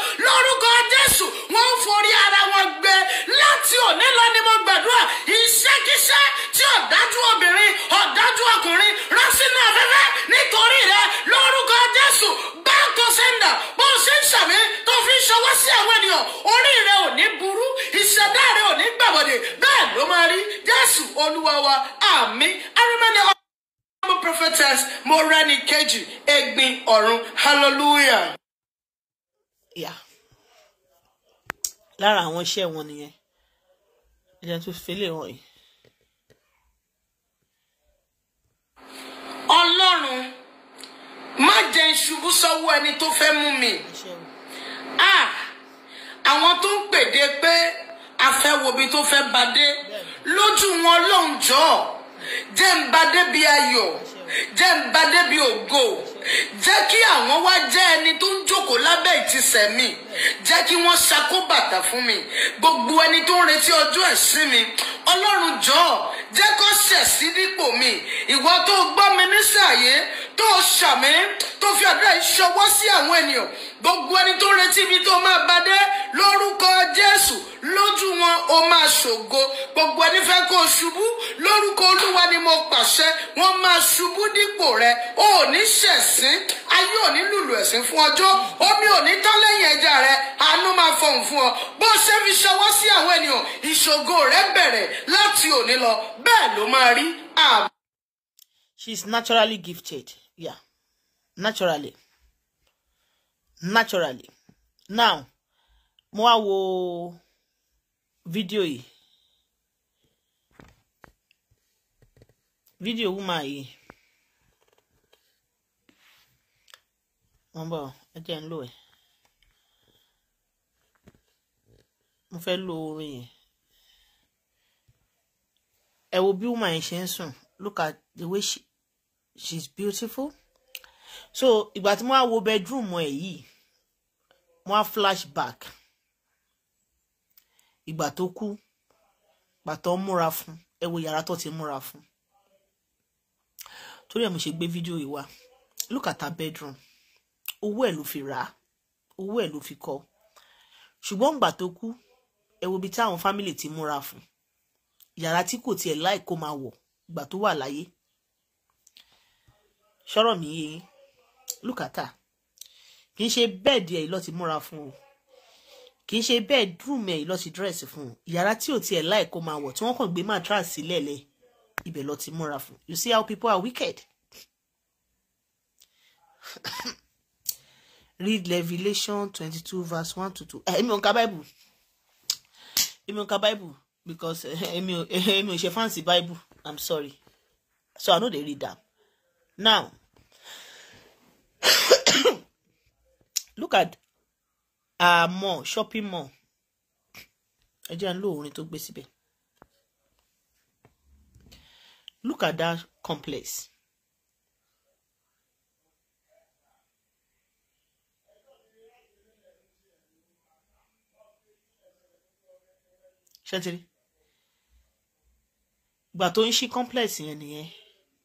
mo rẹ́ni kejì ẹ̀gbin ọ̀run hallelujah. Yeah. lára àwọn iṣẹ́ wọn nìyẹn ẹ̀jẹ̀ tó fi lè hàn yìí. ọlọ́run má jẹ́ n ṣubú sọ́wọ́ ẹni tó fẹ́ mú mi. ah àwọn tó ń pèdè pé a fẹ́ wo ibi tó fẹ́ bá lójú wọn lóun jọ jẹ́ ń bá bí ayọ̀ jẹ́ ń bá débi ògo jẹ́ kí àwọn wá jẹ́ ẹni tó ń jókòó lábẹ́ ìtìsẹ̀ mi jẹ́ kí wọ́n ṣakóbàtà fún mi gbogbo ẹni tó ń retí ọjọ́ ẹ̀sìn mi ọlọ́run jọ̀ọ́ jẹ́ kó ṣẹ̀ sí dípò mi ìwọ tó gbọ́ mi nísàyé tó ṣàmì tó fi àdúrà yìí ṣọwọ́ sí àwọn ènìyàn gbogbo ẹni tó ń retí mi tó máa bá dé lórúkọ jésù lójú wọn o máa ṣògo gbogbo ẹni fẹ́ kó o ṣubú lórúkọ olúwa ni mo pàṣẹ wọ́n máa ṣubú dípò rẹ o ò ní ṣẹ̀sín ayé ò ní lùlù ẹ̀sìn fún ọjọ́ omi ò ní tán lẹ́yìn ẹja rẹ àánú máa fọhùn fún ọ bó o ṣe fi ṣọwọ́ sí àwọn ènìyàn ìṣògo rẹ bẹ̀rẹ̀ láti òní lọ bẹ́ẹ̀ ló máa rí ààbò. she is naturally gifted yeah naturally naturally now mo wá wo. Video, yìí fídíò woman yìí wọn bọ ẹ jẹ́ ń lò ẹ mo fẹ́ lo orin yẹn ẹ wo bí woman yẹn ṣe ń sùn look at the way she she's beautiful so ìgbà tí mo wá wo bedroom ẹ yìí mo wá flashback ìgbà tó kú pàtó múra fún ẹ wo yàrá tó ti múra fún torí ẹ̀ mo ṣe gbé fídíò yìí wá look at her bedroom owó ẹ̀ ló fi rà á owó ẹ̀ ló fi kọ́ ṣùgbọ́n ìgbà tó kú ẹ wo ibi tí àwọn fámìlì ti múra fún yàrá tí kò tiẹ̀ láì kó máa wọ̀ ìgbà tó wà láyé ṣọ́rọ̀ mi yé lùkátà kì í ṣe bẹ́ẹ̀dì ẹ̀ lọ́ọ́ ti múra fún o kì í ṣe bedroom ẹ̀ lọ ti dress fún un yàrá tí ò tiẹ̀ láì kó máa wọ̀ tí wọ́n kàn gbé mattress sílẹ̀ lẹ̀ ibẹ̀ lọ ti múra fún you see how people are wicked. read Revelation twenty two verse one to two eh, èmi ò ń ka bible èmi ò ń ka bible because eh, èmi ò eh, èmi ò ṣe fancy bible i'm sorry so i no dey read am now look at uh, mall shopping mall ẹ jẹ́ à ń lo orin tó gbé síbẹ̀ look at that complex. ṣẹ́ntìrì gbà tó ń ṣí complex yẹn nìyẹn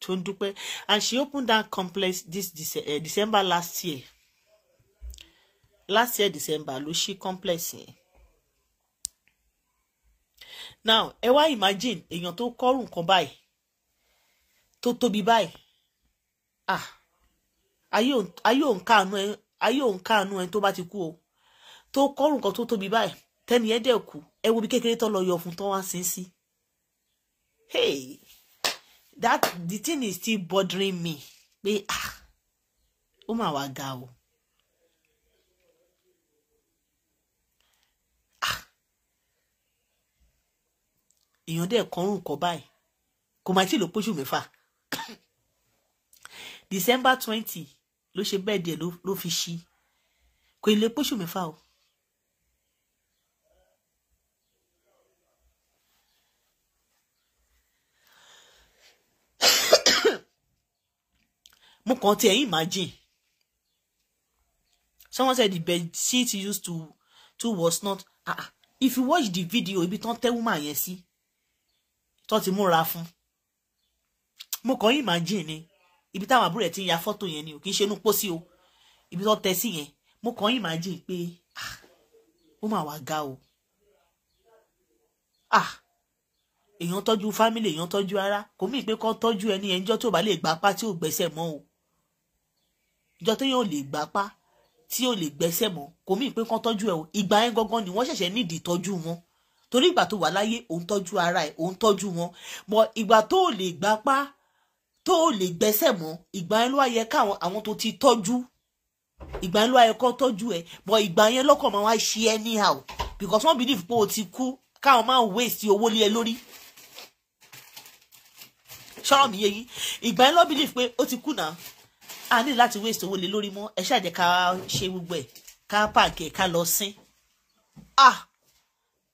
tó ń dúpẹ́ and she opened that complex this Dece eh, December last year last year December ló ṣí complex yẹn now ẹ wá imagine èèyàn tó kọ́rù nǹkan báyìí tó tóbi báyìí ah ayé òun káànú ẹ ayé òun káànú ẹ tó bá ti kú o tó kọ́rù nǹkan tó tóbi báyìí tẹ́ni ẹ dẹ̀ kú ẹ wo bí kékeré tó lọ yọ fún tó wá sí sí hey that the thing is still bothering me pé ah ó mà wá ga o. èèyàn dẹ̀ kọrùn kọ báyìí kò máa tí ì lò pójú mẹ́fà December twenty ló ṣe bẹ́ẹ̀ díẹ̀ ló fi ṣí kò ì lè pójú mẹ́fà o. mo kàn tiẹ̀ imagine someone said the bed bedsheet used to to was not ah, ah if you watch the video ibi tán tẹ́ woman yẹn sí. Si, tó ti múra fún mo kàn yín imagine ni ibi táwọn àbúrò ẹ̀ ti ń ya fọ́tò yẹn ni ò kì í ṣe pósí o ibi tó tẹ sí yẹn mo kàn yín imagine pé ah, ó mà wá ga o ah, èèyàn tọ́jú fámìlì èèyàn tọ́jú ara kò mí pé kán tọ́jú ẹni ẹ̀ níjọ́ tí ò bá lè gbapá tí ò gbẹ́sẹ̀ mọ́ o ìjọ tó yàn ò lè gbapá tí ò lè gbẹ́sẹ̀ mọ́ kò mí pé kán tọ́jú ẹ o ìgbà yẹn gangan ni wọ́n ṣẹ̀ṣẹ̀ nídìí tọ́jú wọn torí ìgbà tó wà láyé òun tọ́jú ara ẹ̀ òun tọ́jú wọn mọ ìgbà tó lè gbapá tó lè gbẹ́sẹ̀ mọ́ ìgbà yẹn ló yẹ káwọn àwọn tó ti tọ́jú ìgbà yẹn ló wá yẹ kó tọ́jú ẹ̀ mọ ìgbà yẹn lọ́kàn máa wá ṣe anyhow because wọ́n believe pé o ti kú káwọn máa waste owó lé ẹ lórí ṣọ́ọ̀mù yẹn yìí ìgbà yẹn lọ́ believe pé o ti kú náà a ní láti waste owó lé lórí mọ́ ẹ ṣáà jẹ́ ká ṣe gbogbo ẹ̀ ká pààkì ẹ̀ ká lọ sín ah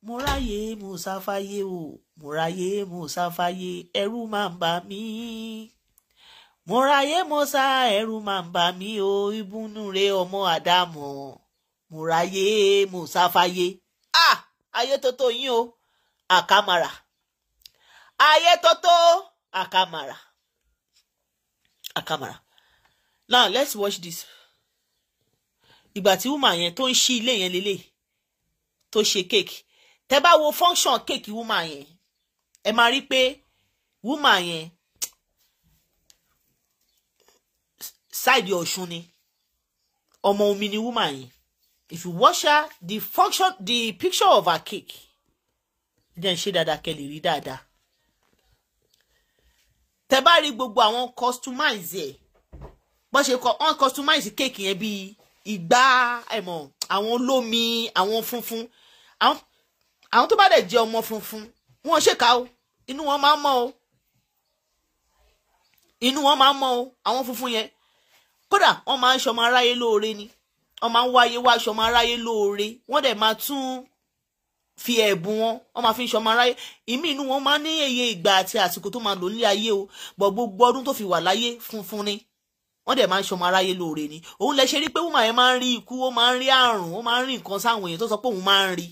mo ráyè mo sáfáyé o mo ráyè mo sáfáyé ẹ̀rù máa ń bà mí mo ráyè mo sá ẹ̀rù máa ń bà mí o ibùnú rẹ ọmọ àdámọ̀ mo ráyè mo sáfáyé ah ayé tó tó yín o àkàmàrà ayé tó tó àkàmàrà àkàmàrà now let's watch this ìgbà tí woman yẹn tó ń ṣí ilé yẹn lélẹ̀ tó ṣe cake tẹ bá wo function cake woman yẹn ẹ máa rí pé woman yẹn side ọ̀ṣun ni ọmọ omi ni woman yẹn if you watch her the function the picture of her cake then ṣe dáadáa kẹ́ lè rí dáadáa tẹ bá rí gbogbo àwọn customize ẹ bọ́n ṣe kọ wọ́n customize cake yẹn bíi ìgbà ẹ̀mọ́ àwọn olómi àwọn funfun àwọn àwọn tó bá dẹ̀ jẹ́ ọmọ funfun wọn ṣèkà o inú wọn máa ń mọ́ o inú wọn máa ń mọ́ o àwọn funfun yẹn kódà wọn máa ń ṣọmọ aráyé lóore ni wọn máa ń wáyé wá ṣọmọ aráyé lóore wọn dẹ̀ máa tún fi ẹ̀bùn wọn wọn máa fi ń ṣọmọ aráyé ìmí inú wọn máa ń ní èyí ìgbà àti àsìkò tó máa lò nílé ayé o bọ̀ gbogbo ọdún tó fi wà láyé funfun ni wọ́n dẹ̀ máa ń ṣọmọ aráyé lóore ni òun lẹ ṣe rí pé wọ́n máa ń rí ikú ó máa ń rí àrùn ó máa ń rí nǹkan sáwọn èèyàn tó sọ pé òun máa ń rí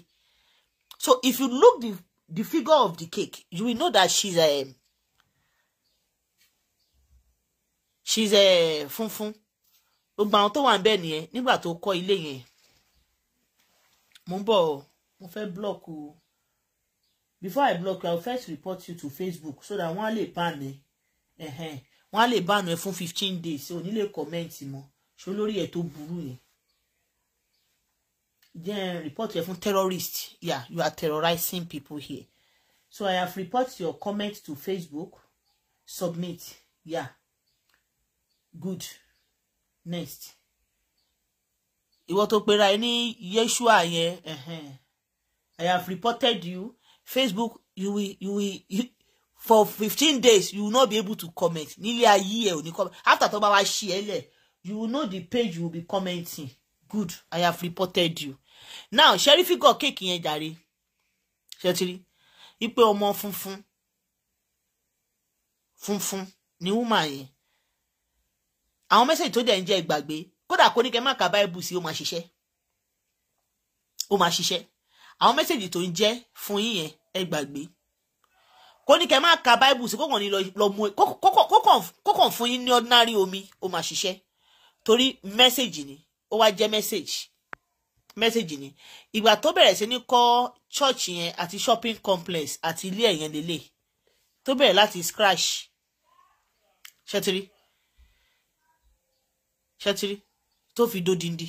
So if you look the the figure of the cake, you will know that she's a um, she's a uh, funfun. Gbogbo àwọn tó wà níbẹ̀ nìyẹn nígbà tó kọ́ ilé yẹn. Mo ń bọ̀ o, mo fẹ́ block o. Before I block you, I first report you to Facebook so that wọ́n á lè ban ẹ. Wọ́n á lè ban ẹ fún fifteen days. So ní lè comment mọ́. Ṣé olórí ẹ̀ tó burú yẹn? then report your phone terrorist yeah you are terrorizing people here so i have report your comment to facebook submit yeah good next ìwọ tó pera ẹ ní yeshua yẹn i have reported you facebook you will you will you, for fifteen days you will not be able to comment Nearly a year ò ní comment after tó bá wá ṣí ẹ you will know the page you will be commenting good i have reported you now ṣẹ́rí fígọ̀ kéèkì yẹn jàre ṣẹ́tìrí ipe ọmọ funfun funfun ni wúmà yẹn àwọn mẹ́sẹ̀jì tó dẹ̀ ń jẹ́ ìgbàgbé kódà kó ní kẹ́ má ka báìbù sí ó máa ṣiṣẹ́ ó máa ṣiṣẹ́ àwọn mẹ́sẹ̀jì tó ń jẹ́ fún yín yẹn ẹ gbàgbé kó ní kẹ́ má ka báìbù sí kókàn ní lọ mú kókàn fún yín ní ordinary omi ó máa ṣiṣẹ́ torí mẹ́sẹ̀jì ni ó wá jẹ́ mẹ́sẹ̀jì mẹ́sẹ̀gì ni ìgbà tó bẹ̀rẹ̀ sí ní kọ́ church yẹn àti shopping complex àti ilé ẹ̀yẹn lélẹ̀ tó bẹ̀rẹ̀ láti scratch ṣẹ́tìrí ṣẹ́tìrí tó fi dindi.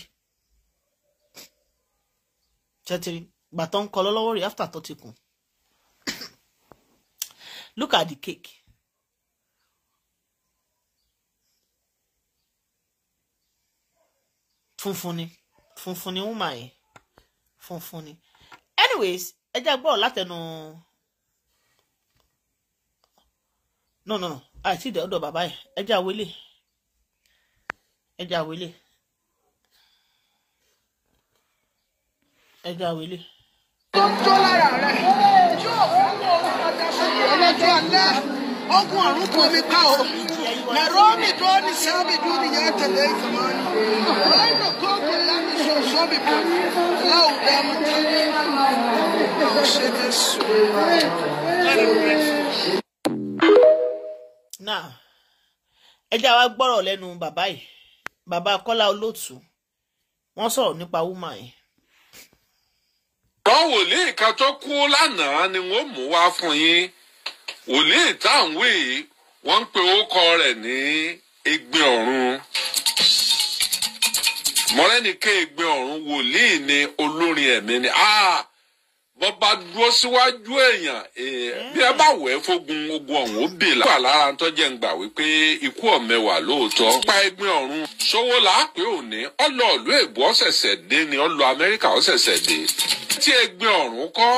ṣẹ́tìrí ìgbà tó ń kọ́ lọ́wọ́ rẹ̀ after tó ti kù look at the cake funfun ni funfun ni wúmà yẹn funfun ni anyways ẹ jẹ́ gbọ́ látẹnu no no no àti ìdẹ ọ̀dọ̀ bàbá yẹn ẹ jẹ́ àwélé ẹ jẹ́ àwélé ẹ jẹ́ àwélé. tó lára o lẹ́rọ mi tó ní sábì dúró nìyẹn tẹ̀lé sọ sọ́ọ̀bì pẹ̀lú láwùjọ amújọ́ ló ṣe dé sùn lẹ́nu rẹ̀. now ẹ jẹ́ àwa gbọ́rọ̀ lẹ́nu bàbá yìí bàbá Kọ́lá Olótù wọ́n sọ̀rọ̀ nípa wúmà yìí. wọ́n wòlíì kan tó kú lánàá ni wọ́n mú wá fún yín wòlíì táwọn wí wọ́n ń pe orúkọ rẹ̀ ní Ẹgbin Ọ̀run mọ́rẹ́nìkẹ́ ìgbẹ́ ọ̀run wòlíì ni olórin ẹ̀mí ni ah, bọ́ bá dúró síwájú èèyàn eh, bí ẹ bá wẹ̀ fógun ogun ọ̀hún ó bè lá. wà lára ń tọ́jẹ́ ń gbà wípé ikú ọ̀mẹ́wà lóòótọ́. pa ẹgbẹ́ ọ̀run sówó làápé òní ọlọ ìlú ọ̀sẹ̀sẹ̀ dé ni ọlọ amẹ́ríkà ọ̀sẹ̀sẹ̀ dé. tí ẹgbẹ́ ọ̀run kọ́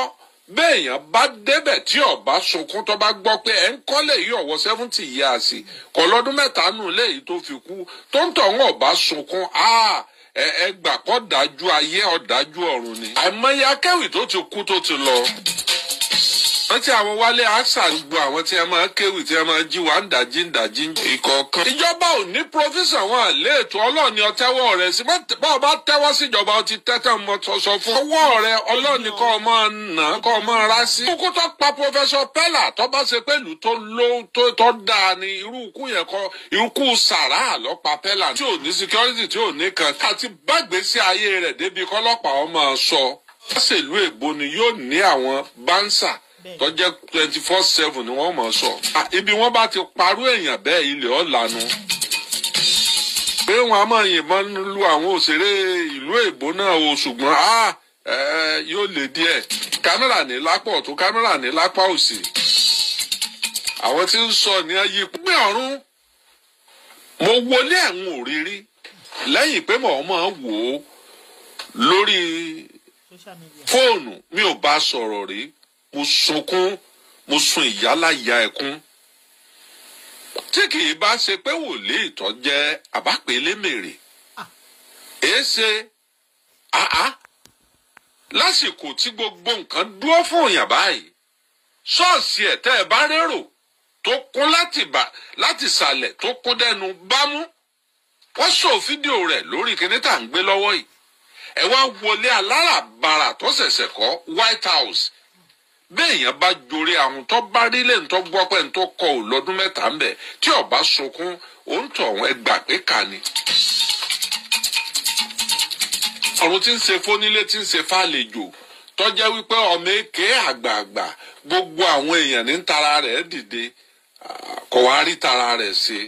béèyàn bá débẹ̀ tí ọba sunkún tó bá gbọ́ pé ẹ̀ ń kọ́lé yìí ọ̀wọ́ seventy years kọ́ lọ́dún mẹ́ta nù léyìí tó fi kú tó ń tọ̀ ń ọba sunkún áà ah, ẹ gbà kọ́ dájú ayé ọ̀dájú ọ̀run ni àìmọye akẹ́wì tó ti kú tó ti lọ wọ́n ti àwọn wálé àṣà gbogbo àwọn tí ẹ máa kéwì tí ẹ máa jí wà ń dàjí ń dàjí ìkọ̀ọ̀kan. ìjọba ò ní provision wọn à ètò ọlọ́ọ̀ni ọtẹ́wọ́ rẹ̀ sí bá tẹ́wọ́ sí ó ti tẹ́tẹ́ mọ sọ fún. ọwọ́ rẹ ọlọ́ọ̀ni kọ́ ọmọ nà kọ́ ọmọ ra sí. kókó pa Professor Pella tó ṣe pé tó ló tó dáa ni irú ikú yẹn kọ ikú sàrà ló pa tó jẹ́ twenty four seven ni wọ́n mọ̀ sọ ibi wọ́n bá ti parú èèyàn bẹ́ẹ̀ ilẹ̀ ọ̀lànà pé wọn a máa yìnbọn lu àwọn òṣèré ìlú èbó náà o ṣùgbọ́n a yóò lè díẹ̀ kámẹ́rà ní lápá ọ̀tún kámẹ́rà ní lápá òsì àwọn tí ń sọ ní ayé pé ọ̀run mo wọlé àwọn òrírí lẹ́yìn pé mò máa wò ó lórí fóònù mi ò bá sọ̀rọ̀ rí mo sunkún mo sun ìyálà ìyá ẹkún tí kì í bá ṣe pé wòlíì ìtọ́ jẹ́ àbápélé mèrè èé ṣe àá lásìkò tí gbogbo nǹkan dúró fún òyìn báyìí ṣọ́ọ̀ṣì ẹ̀ tẹ́ ẹ bá rérò tó kún láti sàlẹ̀ tó kún dẹnu bámú wọ́n sọ fídíò rẹ̀ lórí kinní tá à ń gbé lọ́wọ́ yìí ẹ wá wọlé aláràbarà tó ṣẹ̀ṣẹ̀ kọ́ White House béèyàn bá jorí àwọn tó bá rí lẹ́yìn tó gbọ́ pé tó kọ ò lọ́dún mẹ́ta ń bẹ̀ tí ọba sunkún òun tọ̀ wọ́n ẹgbà pé kà ni. ọ̀run tí ń ṣe fónílé tí ń ṣe fàlejò tọ́jẹ́ wípé ọmọ èké àgbààgbà gbogbo àwọn èèyàn ní tara rẹ̀ dìde kò wá rí tara rẹ̀ ṣe.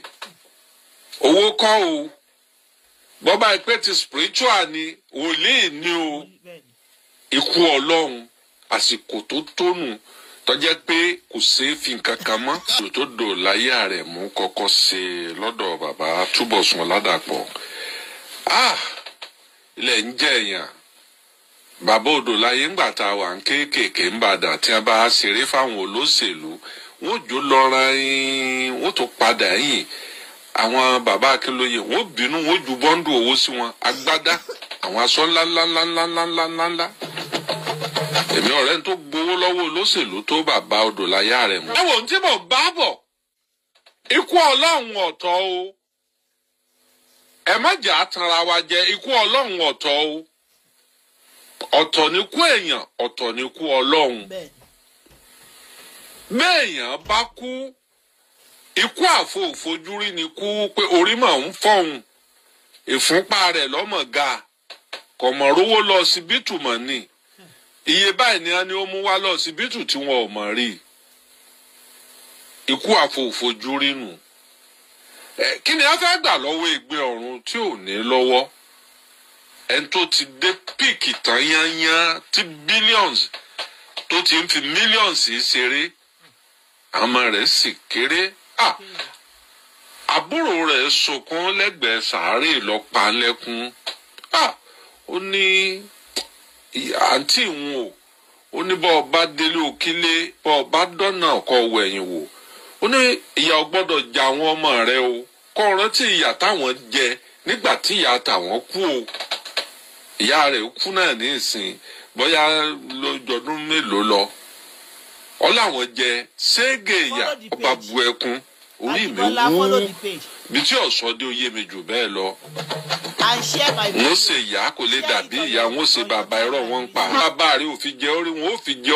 owó kọ́ o bọ́bá ìpè ti spiritual ni wòlíì ni o ikú ọlọ́run àsìkò tó tónù tọ́jẹ́ pé kò ṣeé fi nǹkan kan mọ́. ìlú tó dò láyé rẹ̀ mú kọ́kọ́ ṣe lọ́dọ̀ bàbá Túbọ̀sùn Ọládàpọ̀ ah! ilẹ̀ ń jẹ́ èèyàn bàbá odò láyé ńgbà tá a wà ń kéékèèké ń bàdàn tí a bá a ṣeré fáwọn olóṣèlú wọn ò jó lọ́ra yín wọn tó padà yìn àwọn bàbá Akínlóye wọn ò bínú wọn ò ju bọ́ńdù owó sí wọn agbádá àwọn aṣọ ńláńláńláńláńláńlá èmi ọ̀rẹ́ ń tó gbowó lọ́wọ́ olóṣèlú tó bàbá odò láyà rẹ̀ mọ́. báwo tí mò ń bá bọ̀ ikú ọlọ́run ọ̀tọ̀ o ẹ má jà á tanra wa jẹ ikú ọlọ́run ọ̀tọ̀ o ọ̀tọ̀ ni kú èèyàn ọ̀tọ̀ ni kú ọlọ́run béèyàn bá kú ikú àfòfojúrí ni kú pé orí mà ń fọ̀hún ìfúnpá rẹ̀ lọ́mọ̀ ga kọ̀mọ̀rówó lọ síbítù ni iye báyìí ni a ní ó mú wá lọ síbítù tí wọn ò mọ̀ rí ikú àfòfojú rínu kí ni a fẹ́ gbà lọ́wọ́ ègbé ọ̀run tí ò ní lọ́wọ́ ẹni tó ti dé píìkì tán yányán tí billions tó ti ń fi millions ṣeré àmọ́ rẹ̀ sì kéré àbúrò rẹ̀ sunkún lẹ́gbẹ̀ẹ́ sàárè lọ́pàá lẹ́kún ó ní àǹtí ìhun o ó ní bọ́ ọba délé òkílé bọ́ ọba dọ́nà ọkọ̀ wẹ̀yìn wò ó ní ìyá ò gbọ́dọ̀ jà àwọn ọmọ rẹ o kọ́ rántí ìyà táwọn jẹ nígbà tí ìyá táwọn kú o ìyá rẹ̀ kú náà ní ìsìn bóyá lójọdún mélòó lọ ọ láwọn jẹ ségè ìyá ọba bu ẹkún oyè mi wú mi tí ọ̀sọ́ dé oyè mi jù bẹ́ẹ̀ lọ. wọ́n ṣe ìyá kò lè dàbí ìyá wọ́n ṣe bàbá irọ́ wọn ń pa. bàbá rẹ̀ ò fi jẹ orí wọn ò fi jẹ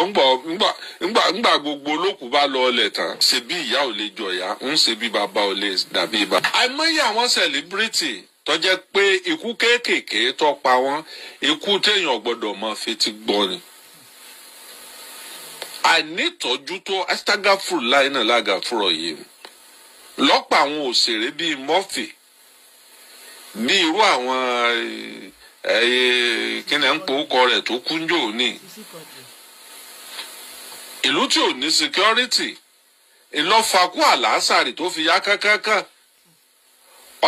ńgbà gbogbo olókùú bá lọ ọlẹ̀ tán. ṣe bí ìyá ò lè jọ ìyá ń ṣe bí bàbá ò lè dàbí bàbá. àìmọye àwọn sẹ̀líbírìtì tọ́jẹ́ pé ikú kéékèèké tó pa wọ́n ikú téèyàn gbọ́dọ̀ mọ fetí gbọ́ ni àìnítọ́jú tó astagafur láì náà lágàfúrọ̀ yìí lọ́pọ̀ àwọn òṣèré bíi Murphy bíi irú àwọn kíni à ń po ọkọ rẹ̀ tó kúnjò ní ìlú tí ò ní security ìlọ́fàkú àlásàrì tó fi yá kánkánkan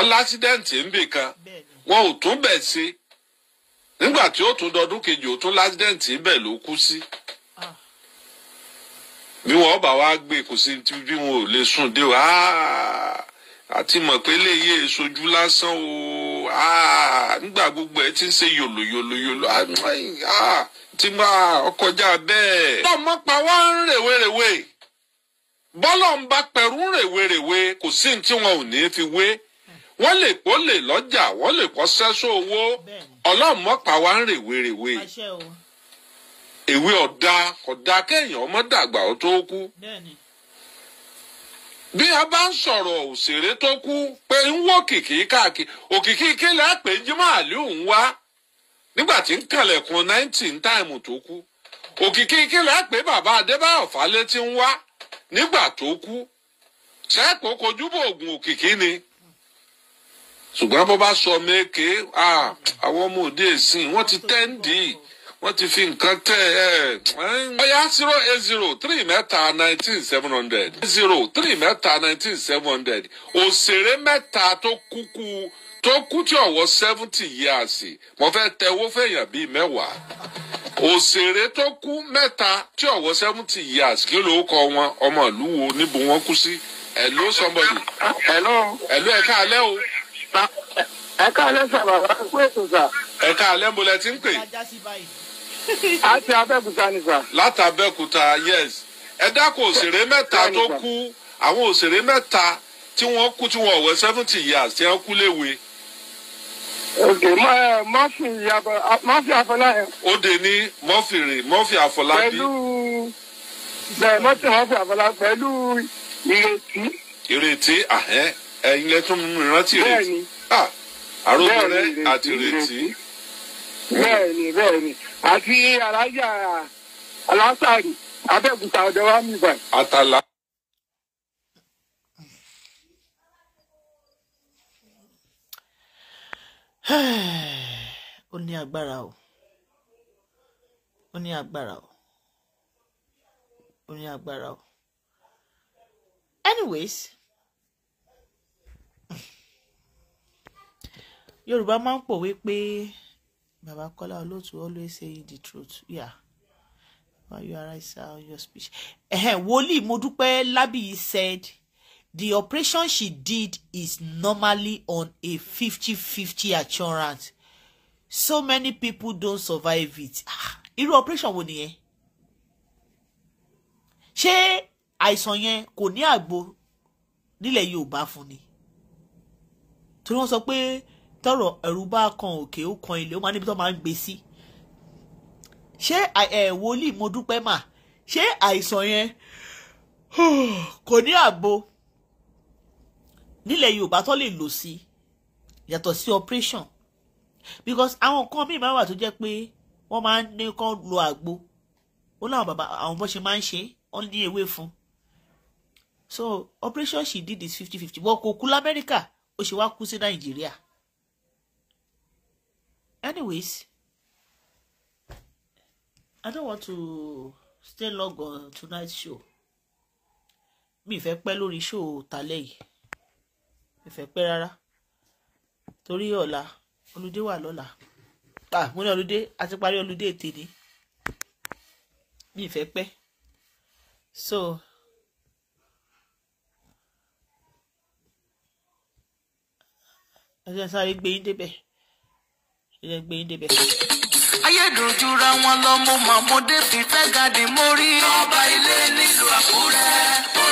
ọlá ń bì kan wọn ò tún bẹ̀ sí nígbà tí ó tún dọdún kejì ó tún lásídẹ́ǹtì ń bẹ̀ ló kú sí. Si bí wọn bá wá gbé kò sí ti bí wọn ò lè sùn dé o àti mọ̀ pé léyè sojú lásán o nígbà gbogbo ẹ ti ń ṣe yòlò yòlò yòlò tí mà ọkọjá bẹ́ẹ̀. lọ́mọ pa wá ń rèwerèwe bọ́lọ̀ ń bá pẹ̀rú rèwerèwe kò sí tí wọn ò ní fi wé wọ́n lè kó lè lọ́jà wọ́n lè kó sẹ́sọ owó ọlọ́mọ pa wá ń rèwerèwe. èwe ọ̀dà ọ̀dà kẹ́yìn ọmọ dàgbà ó tó kú. bí a bá ń sọ̀rọ̀ òṣèré tó kú pé ń wọ́ kìkì káàkiri òkìkí kílẹ̀ pé jimá àlè òun wá nígbà tí ń kànlẹ̀kùn nineteen táìmù tó kú òkìkí kílẹ̀ pé bàbá adébáyọ̀ falẹ̀ ti ń wá nígbà tó kú sẹ́ẹ̀kọ́ kojú bò òkìkí ni ṣùgbọ́n bó bá sọ mẹ́kẹ́ ah, àwọn ọmọ òde ìsìn wọ́n ti tẹ́ wọ́n ti fi nǹkan tẹ̀ ẹ́ ọ̀yà zero eight zero three mẹ́ta nineteen seven hundred zero three mẹ́ta nineteen seven hundred òṣèré mẹ́ta tó kúkú tó kú tí ọ̀wọ́ seventy years mo fẹ́ tẹ owó fẹ̀yàn bíi mẹ́wàá òṣèré tó kú mẹ́ta tí ọ̀wọ́ seventy years kí ló kọ wọn ọmọ ìlú wo níbo wọn kú sí hello somebody hello hello ẹ káalẹ́ o ẹ káalẹ́ sà bàbá ẹ kú ètò sà ẹ káalẹ́ mo lẹ ti ń pè. àti abẹ́kúta ni sà. láti abẹ́kúta yes ẹ dákun òṣèré mẹ́ta tó kú àwọn òṣèré mẹ́ta tí wọ́n kú tí wọ́n wẹ̀ seventy years tí wọ́n kú léwe. òkè mọ́fì mọ́fì àfọláyàn. ó dé ní mọ́fì rè mọ́fì àfọlábí. pẹ̀lú bẹ́ẹ̀ mọ́fì mọ́fì àfọlábí pẹ̀lú ìrètí. ìrètí ẹ̀yin lẹ́tún rántí ìrètí. bẹ́ẹ̀ni àròbìnrin ah, àti ìrètí. bẹ́ẹ̀ni bẹ́ẹ̀ni àti alájà alásàrì abẹ́òkúta ọ̀dọ̀ wa mi báyìí. Atala. ó ní agbára o ó ní agbára o ó ní agbára o anyways yorùbá máa ń pòwe pé. Baba Kola Olotu always say the truth. Yeah. Well, you are right, sir, your speech. Eh, Woli Modupe Labi said the operation she did is normally on a 50-50 assurance. So many people don't survive it. Ah, operation wo nìyẹn? Ṣé àìsàn yẹn kò ní àgbo nílẹ̀ Yorùbá fún ni? Torí wọ́n sọ pé tọrọ ẹ̀rù bá kan òkè ó kan ilé ó máa níbi tó máa ń gbé sí ṣé wòlíì mo dúpẹ́ mà ṣé àìsàn yẹn kò ní àgbo nílẹ̀ Yorùbá tó lè lò sí yàtọ̀ sí operation because àwọn kan míì máa wà tó jẹ́ pé wọ́n máa ń ní kán lo àgbo ó láwọn bàbá àwọn bó ṣe máa ń ṣe wọ́n ní ewé fún so operation she did is fifty fifty wọ́n kò kú lamẹ́ríkà ó ṣe wá kú sí nàìjíríà anyways i don't want to stay long on tonight's show mi fẹ́ pẹ́ lórí show tálẹ́ yìí mi fẹ́ pẹ́ rárá torí ọ̀la olùdé wà lọ́la ah mo ní olùdé a ti parí olùdé tèmi mi fẹ́ pẹ́ so. ẹ jẹ́ sáré gbé yín débẹ̀ ìyẹn gbé yín débẹ̀. ayédùn wọn lọ mo mọ̀ mo dé fífẹ́ gàdí mórí. ọba ilé nílùú Àkúrẹ́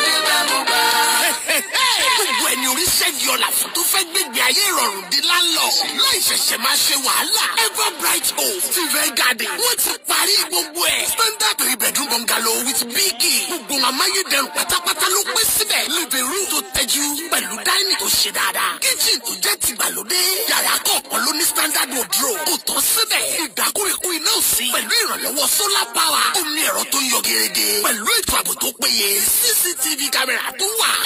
gbogbo ẹni oríṣẹ́gi ọ̀la fún tó fẹ́ gbègbè ayé ìrọ̀rùn di lálọ́ láì ṣẹ̀ṣẹ̀ máa ṣe wàhálà ever bright hope fever garden wọ́n ti parí gbogbo ẹ̀ standard three bedroom bungalow with bíìgì e. gbogbo amáyédẹrùn pátápátá ló pé síbẹ̀ living room tó tẹ́jú pẹ̀lú dining tó ṣe dáadáa kitchen tó jẹ́ tìgbàlódé yàrá kọ̀ọ̀kan ló ní standard wardrobe kò tán síbẹ̀ ìdákùrẹ́kù iná ò sí pẹ̀lú ìrànlọ́wọ́ solar power omi ẹ̀rọ tó ń yọ gerege pẹ̀lú ètò ààbò cctv camera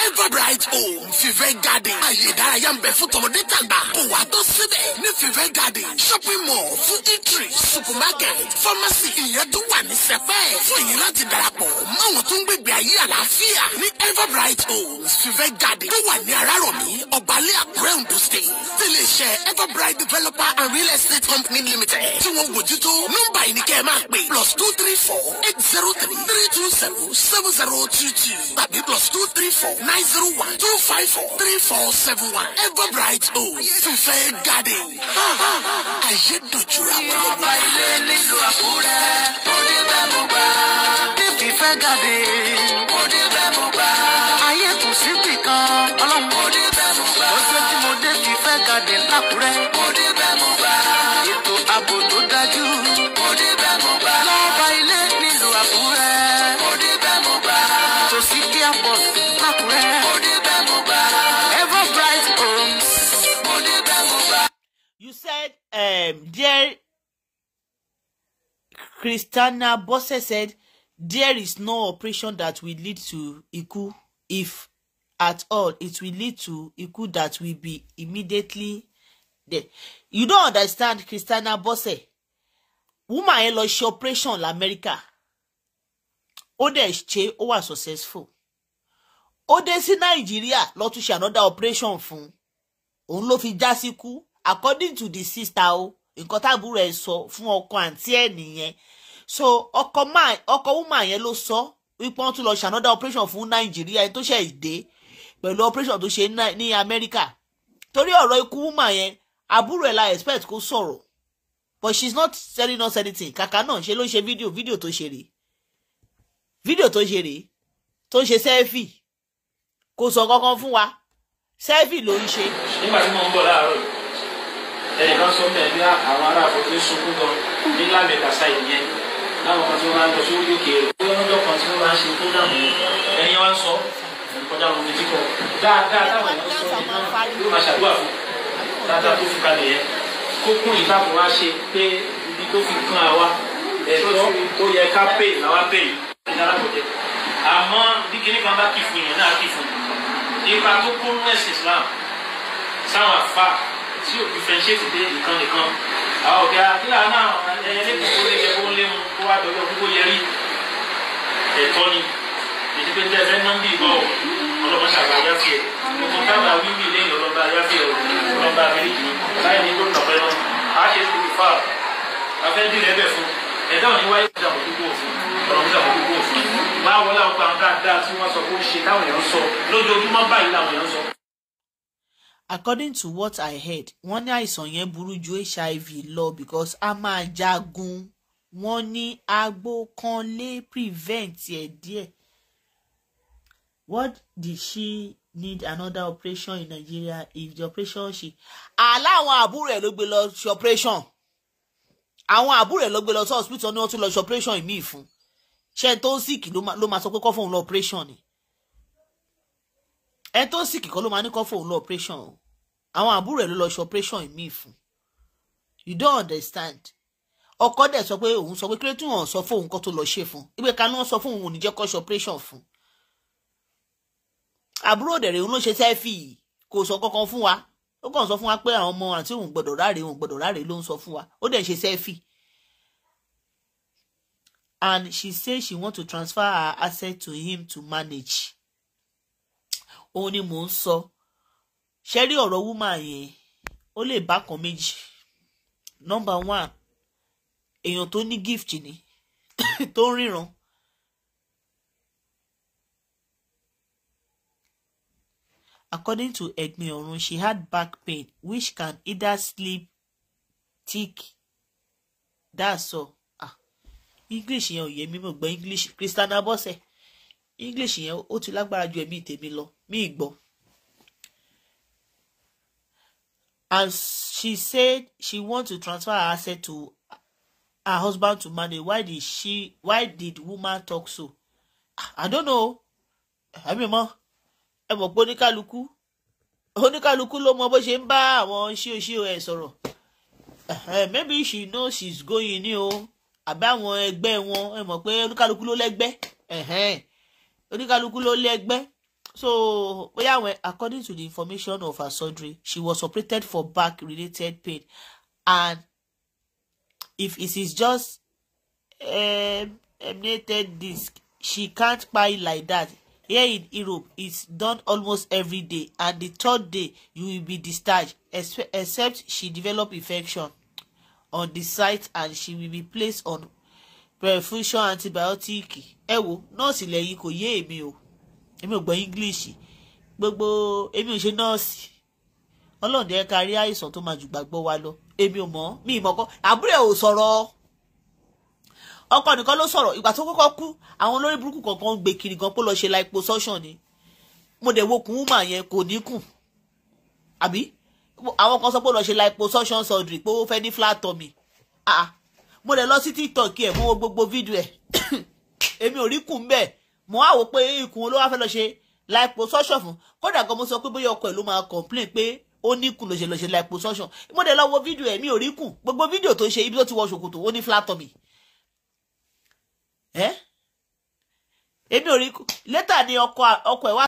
ever bright hope òun fífẹ́ garden àyè ìdárayá ń bẹ fún tọmọdé tàgbà kò wá tó síbẹ̀ ní fífẹ́ garden shopping mall fún eatery supermarket pharmacy ìyẹn tó wà ní sẹpẹ́ fún ìyẹn láti darapọ̀ máwọn tó ń gbègbè ayé àlàáfíà ní everbright homes fífẹ́ garden tó wà ní arárọ̀mí ọ̀bálẹ̀ àkúrẹ́ ondo state tẹ̀lé iṣẹ́ everbright developer and real estate company limited tí wọ́n wòjútó nọ́mbà yìí ni kẹ́ ẹ máa pè plus two three four eight zero three three two seven seven zero two two tàbí plus two three four nine zero one two four five three four seven one ever bright o fẹfẹ garden ayé dojúra wọn. ọba ilé nílùú àkúrẹ́ ó dé bẹ́ẹ̀ mo gbà. ní garden ó dé bẹ́ẹ̀ mo gbà. ayé kan ọlọ́run ó dé fífẹ́ garden lákúrẹ́ ó dé bẹ́ẹ̀ mo gbà. ètò ààbò tó dájú. um, dear Christina Bose said, there is no operation that will lead to iku. If at all, it will lead to iku that will be immediately dead. You don't understand, Christina Bose. Woman ẹ lọ ṣe operation l'Amẹ́ríkà. Ó dẹ̀ ṣe ó wà successful. Ó dé sí Nigeria lọ tún ṣe another operation fún. Òun ló fi já síkú according to the sister o nǹkan tábúrò ẹ̀ sọ fún ọkọ àǹtí ẹ̀ nìyẹn so ọkọ máa ọkọ woman yẹn ló sọ wípé wọ́n tún lọ ṣe another operation fún nàìjíríà tó ṣe dé pẹ̀lú operation tó ṣe ní amẹ́ríkà torí ọ̀rọ̀ ikú woman yẹn àbúrò ẹ̀ la expect kó sọ̀rọ̀ but she's not telling us anything kàkà náà ṣe ló ń ṣe fídíò fídíò tó ṣe rèé fídíò tó ṣe rèé tó ń ṣe sẹ́ẹ̀fì kò sọ kankan fún wa sẹ́ẹ̀fì ló ń ṣe. nígbà tí mo ń bọ̀ láàárọ̀ ẹnì kan sọ bẹ́ẹ̀ bí àwọn ará àbọ̀dé sunkún lọ ní lámẹ́kàsá ìyẹn láwọn kan tí wọ́n máa ń lọ sí orí òkè rẹ̀ bóyá lọ́jọ́ kan tí wọ́n máa ń ṣe fúnàmù ẹ̀yìn wá ń sọ kọjá lómi jíkọ̀ dáadáa táwọn èèyàn sọ ní náà yóò máa ṣàdúrà fún dáadáa tó fi kalẹ̀ yẹn kókún ìtàkùn wa ṣe pé ibi tó fi kàn àwa ẹ̀tọ́ tó yẹ ká pè làwa pè ìdára kò jẹ àmọ́ bí kinní kan bá kì fún yẹn náà kì fún yẹn ipa tó Si o differentiate dé nìkan nìkan ah, àwọn ah, ọ̀gá kílà náà ẹyẹ ní kókó lé yẹ kó lé mu kó wá dọ̀dọ̀ kókó yẹ rí ẹ̀tọ́ ni èyí pé tẹ́ ẹ fẹ́ nọ́mbì bọ̀ ọlọ́mọ ṣàgbà yáfẹ́ ẹ̀ gbogbo táwọn awíwì lẹ́yìn ọlọ́ba yáfẹ́ ẹ̀ ọlọ́ba abẹ́rẹ́jì láì ní gbọ́dọ̀ pẹ́ lọ a ṣe tó fi fáà afẹ́ bí lẹ́bẹ̀ fún ẹ̀dá òní wáyé ìdààmú tó kúrò fún ọ̀rọ̀ ìdààmú tó kúrò fún máa wọlé àwọn gbàǹdà dáa tí wọ́n sọ pé ó ṣe táwọn èèyàn sọ lójoojúmọ́ báyìí làwọn èèyàn sọ according to what I heard wọ́n ní àìsàn yẹn burú ju HIV lọ because a máa jagun wọ́n ní agbo kan lè prevent ẹ̀ díẹ̀ what did she need another operation in Nigeria if the operation she aláwọn àbúrò ẹ̀ ló gbé lọ sí operation àwọn àbúrò ẹ̀ ló gbé lọ sí hospital ni wọ́n tún lọ sí operation ìmíì fún ṣe tó ń sìkì ló máa sọ pé kọ́ fóun lọ operation ni ẹ tó sì kíkọ́ ló máa ní kọ́ fóun lọ operation o àwọn àbúrò ẹ̀ ló lọ ṣe operation míì fún you don't understand ọkọ dẹ̀ sọ pé òun sọ pé kílé tí wọn sọ fóun kó tó lọ ṣe fún ìgbé kanú sọ fóun ò ní jẹ́ kó ṣe operation fún àbúrò dẹ̀rẹ̀ òun ló ṣe sẹ́fì kò sọ kankan fún wa ó kàn sọ fún wa pé àwọn ọmọ àti òun gbọ́dọ̀ ráre òun gbọ́dọ̀ ráre ló ń sọ fún wa ó dẹ̀ ṣe sẹ́fì and she say she want to transfer her asset to him to manage òun ni mò ń sọ ṣe rí ọ̀rọ̀ woman yẹn ó lè bá kan méjì nọ́mbà one èèyàn tó ní gift ni tó ń ríran According to Egbe Orun, she had back pain, which can either sleep, tick. That's all. Ah, English yẹn ò yé mi mo English Christiana Bose english yẹn ó ti lágbára ju ẹ̀mí tèmi lọ mí gbọ́. and she said she want to transfer her asset to her husband to manage why did she why did woman talk so i don't know ẹ̀mí mọ́ ẹ mọ̀ pé oníkálukú oníkálukú ló mọ bó ṣe ń bá àwọn ṣíoṣío ẹ̀ sọ̀rọ̀ maybe she know she's going ni o àbí àwọn ẹgbẹ́ wọn ẹ mọ̀ pé oníkálukú ló lẹ́gbẹ́ oníkálukú ló lé ẹgbẹ́ so bóyá àwọn according to the information of her surgery she was operated for back related pain and if it is just um, herniated disc she can't kpai like that here in Europe it's done almost every day and the third day you will be discharged except she develop infection on the site and she will be placed on perfusion antibiotiki ẹ wo nọ́ọ̀sì kò yé èmi o èmi ò gbọ́ english gbogbo èmi ò ṣe nọ́ọ̀sì ọlọ́run dẹ́ ká rí àìsàn tó máa jù gbàgbọ́ wa lọ èmi ò mọ̀ mí ìmọ̀ kọ́ àbúrò ẹ̀ ò sọ̀rọ̀ ọkọ nìkan ló sọ̀rọ̀ ìgbà tó kọ́kọ́ kú àwọn olórí burúkú kankan ń gbé kiri gan pé lọ ṣe liposuction ni mo dẹ̀ wo kùn wúmà yẹn kò ní kù àbí àwọn kan sọ pé lọ ṣe liposuction surgery pé ó fẹ́ ní flat tummy ah, ah mo dẹ̀ lọ sí tiktok ẹ̀ mo wo gbogbo fídíò ẹ̀ èmi ò rí kùn bẹ́ẹ̀ mo wá wò pé ikùn olówó afẹ́ lọ ṣe liposuction fún kódà gan mo sọ pé bóyá ọkọ ẹ̀ ló máa complain pé ó ní kùn ló ṣe lọ ṣe mo dẹ̀ lọ wo fídíò ẹ̀ mi ò rí kùn gbogbo fídíò tó ṣe ibi tó ti wọ ṣòkòtò ó ní flat tummy ẹ̀ èmi ò rí kùn létà ni ọkọ ẹ̀ wá.